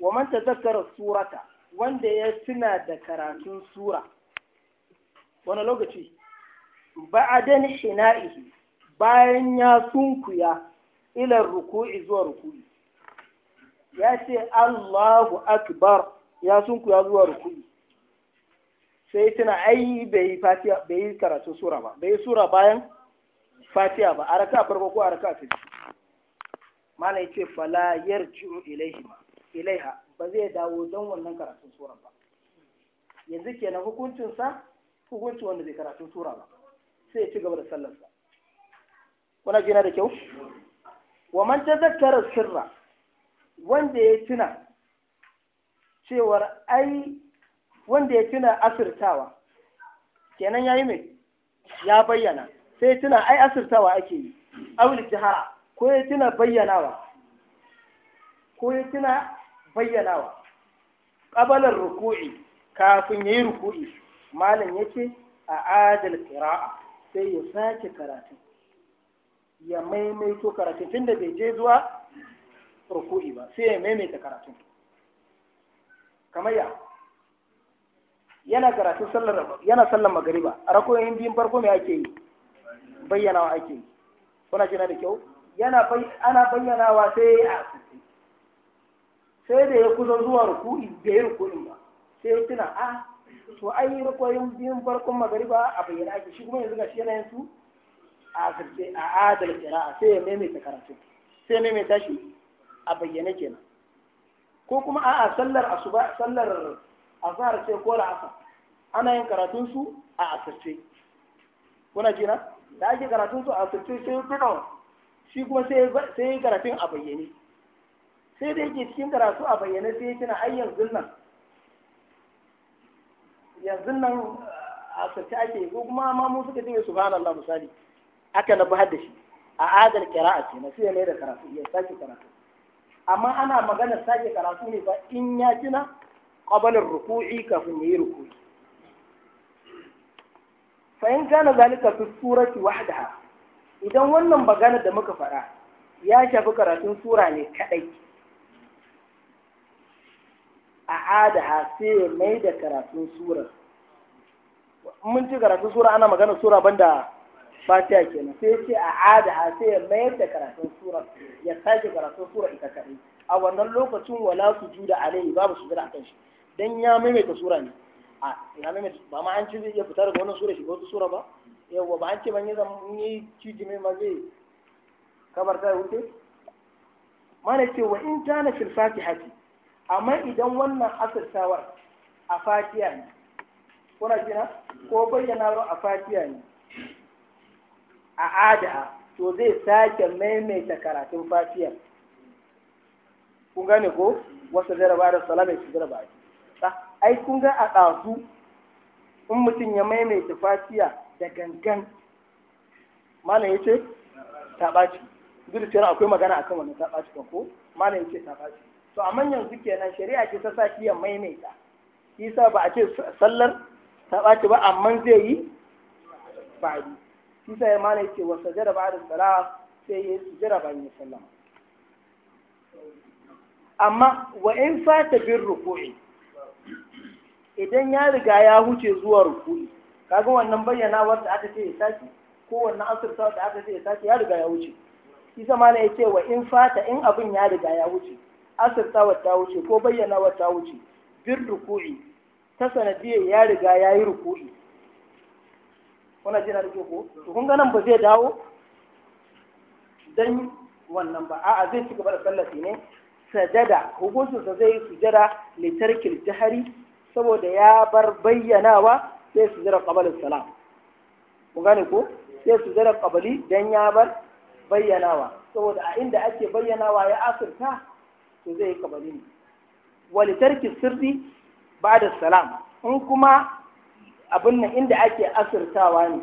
wa man tazakkara surata wanda ya tuna da karatun sura wani lokaci ba'adan hina'ihi bayan ya sunkuya ilar ruku'i zuwa ruku'i ya ce Allahu akbar ya sunkuya zuwa ruku'i sai tuna ai bai fatiha bai karatu sura ba bai sura bayan fatiha ba araka farko ko araka ta biyu mana yace fala yarji'u ilaihima ilaiha ba zai dawo don wannan karatun sura ba yanzu kenan hukuncinsa hukunci wanda bai karatun sura ba sai ya ci gaba da sallarsa kuna gina da kyau wa man tazakkara sirra wanda ya tuna cewar ai wanda ya tuna asirtawa kenan yayi mai ya bayyana sai ya tuna ai asirtawa ake yi awil ko ya tuna bayyanawa ko ya tuna bayyanawa ƙabalar ruku'i kafin ya yi ruku'i malam ya ce a adal ƙira'a sai ya sake karatun ya maimaito karatun tun da bai je zuwa ruku'i ba sai ya maimaita karatun kamar ya yana karatun sallar yana sallar magariba a rakoyin biyun farko me ake yi bayyanawa ake yi kuna jina da kyau yana ana bayyanawa sai ya yi sai da ya kusa zuwa ruku'i da ya ruku'in ba sai ya tuna a ah, to ai ruku'in biyun farkon magariba a bayyana ake shi kuma yanzu ga shi yanayin su a asirce a adal qira'a sai ya maimaita karatu sai ya maimaita shi a bayyane kenan ko kuma a'a sallar asuba sallar azhar sai ko la'asa ana yin karatun su a asirce kuna jira da ake karatun su a asirce sai ya tuna shi kuma sai ya karatun a bayyane sai dai ke cikin karatu a bayyana sai kina ai yanzu nan yanzu nan a sarki ake ko kuma ma mun suka ce subhanallah misali aka na bahar da shi a adal qira'a ce na sai ne da karatu ya sake karatu amma ana magana sake karatu ne fa in ya tuna qabala ruku'i kafin yi ruku'i fa in kana zalika fi surati wahdaha idan wannan magana da muka faɗa ya shafi karatun sura ne kadai a adaha sai ya mai da karatun sura mun ci karatun sura ana magana sura banda fatiha kenan sai ce a adaha sai ya mai da karatun sura ya sake karatun sura ita kadai a wannan lokacin wala su da alaihi babu su jira kan shi dan ya maimaita sura ne a ya maimaita ba ma an ci zai iya da wannan sura shiga wata sura ba yawa ba an ce ban yi zan yi ciji mai ma zai kabar ta wuce mana ce wa in kana fil fatihati amma idan wannan asirtawar a fatiya ne kuna jina ko bayyana a fatiya ne a ada'a to zai sake maimaita karatun fatiya kun gane ko wasu jaraba da salamai su jaraba ai kun ga a ɗazu in mutum ya maimaita fatiya da gangan mana ya ce taɓaci duk da akwai magana a akan wannan taɓaci ko mana ya ce taɓaci to amma yanzu kenan shari'a ce ta saki ya maimaita isa ba a ce sallar ta ɓaci ba amma zai yi ba'adi isa ya mana yake wa sajada da sala sai ya jira ba ya sallama amma wa in fata bin ruku'i idan ya riga ya huce zuwa ruku'i kaga wannan bayyana wanda aka ce ya saki ko wannan sa da aka ce ya saki ya riga ya huce isa mana yake wa in fata in abin ya riga ya huce asirtawa ta wuce ko bayyanawa ta wuce bir ruku'i ta sanadiyar ya riga ya yi ruku'i kuna jina da ko to kun ganin ba zai dawo dan wannan ba a'a zai ci gaba da sallafi ne sajada hukuncinsa zai yi sujada litarkil jahari saboda ya bar bayyanawa sai sujada qabalin salam kun gane ko sai sujada qabali dan ya bar bayyanawa saboda a inda ake bayyanawa ya asirta to zai yi kabali ne wali tarki sirri ba da salam in kuma abin nan inda ake asirtawa ne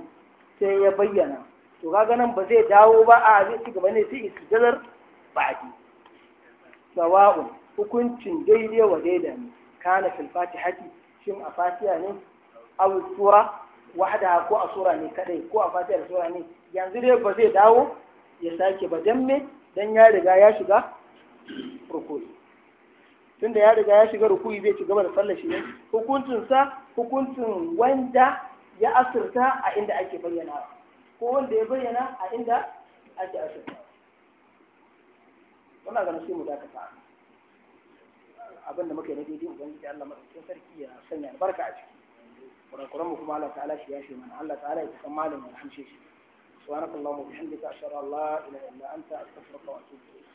sai ya bayyana to kaga nan ba zai dawo ba a zai ci gaba ne sai a ba'di Sawa'u hukuncin daidai wa daida ne kana fil fatihati shin a fatiha ne aw sura wahda ko a sura ne kadai ko a fatiha da sura ne yanzu dai ba zai dawo ya sake ba dan me dan ya riga ya shiga ruku'i tunda ya riga ya shiga ruku'i zai ci gaba da sallar shi ne hukuncinsa hukuncin wanda ya asirta a inda ake bayyana ko wanda ya bayyana a inda ake asirta wannan ganin sai mu dakata abinda muka yi na daidai ubangiji Allah madaukakin sarki ya sanya albarka a ciki kuran mu kuma Allah ta'ala shi ya shi mana Allah ta'ala ya san malamin ya hamshe shi subhanakallahumma wa bihamdika ashhadu an la ilaha illa anta astaghfiruka wa atubu ilayk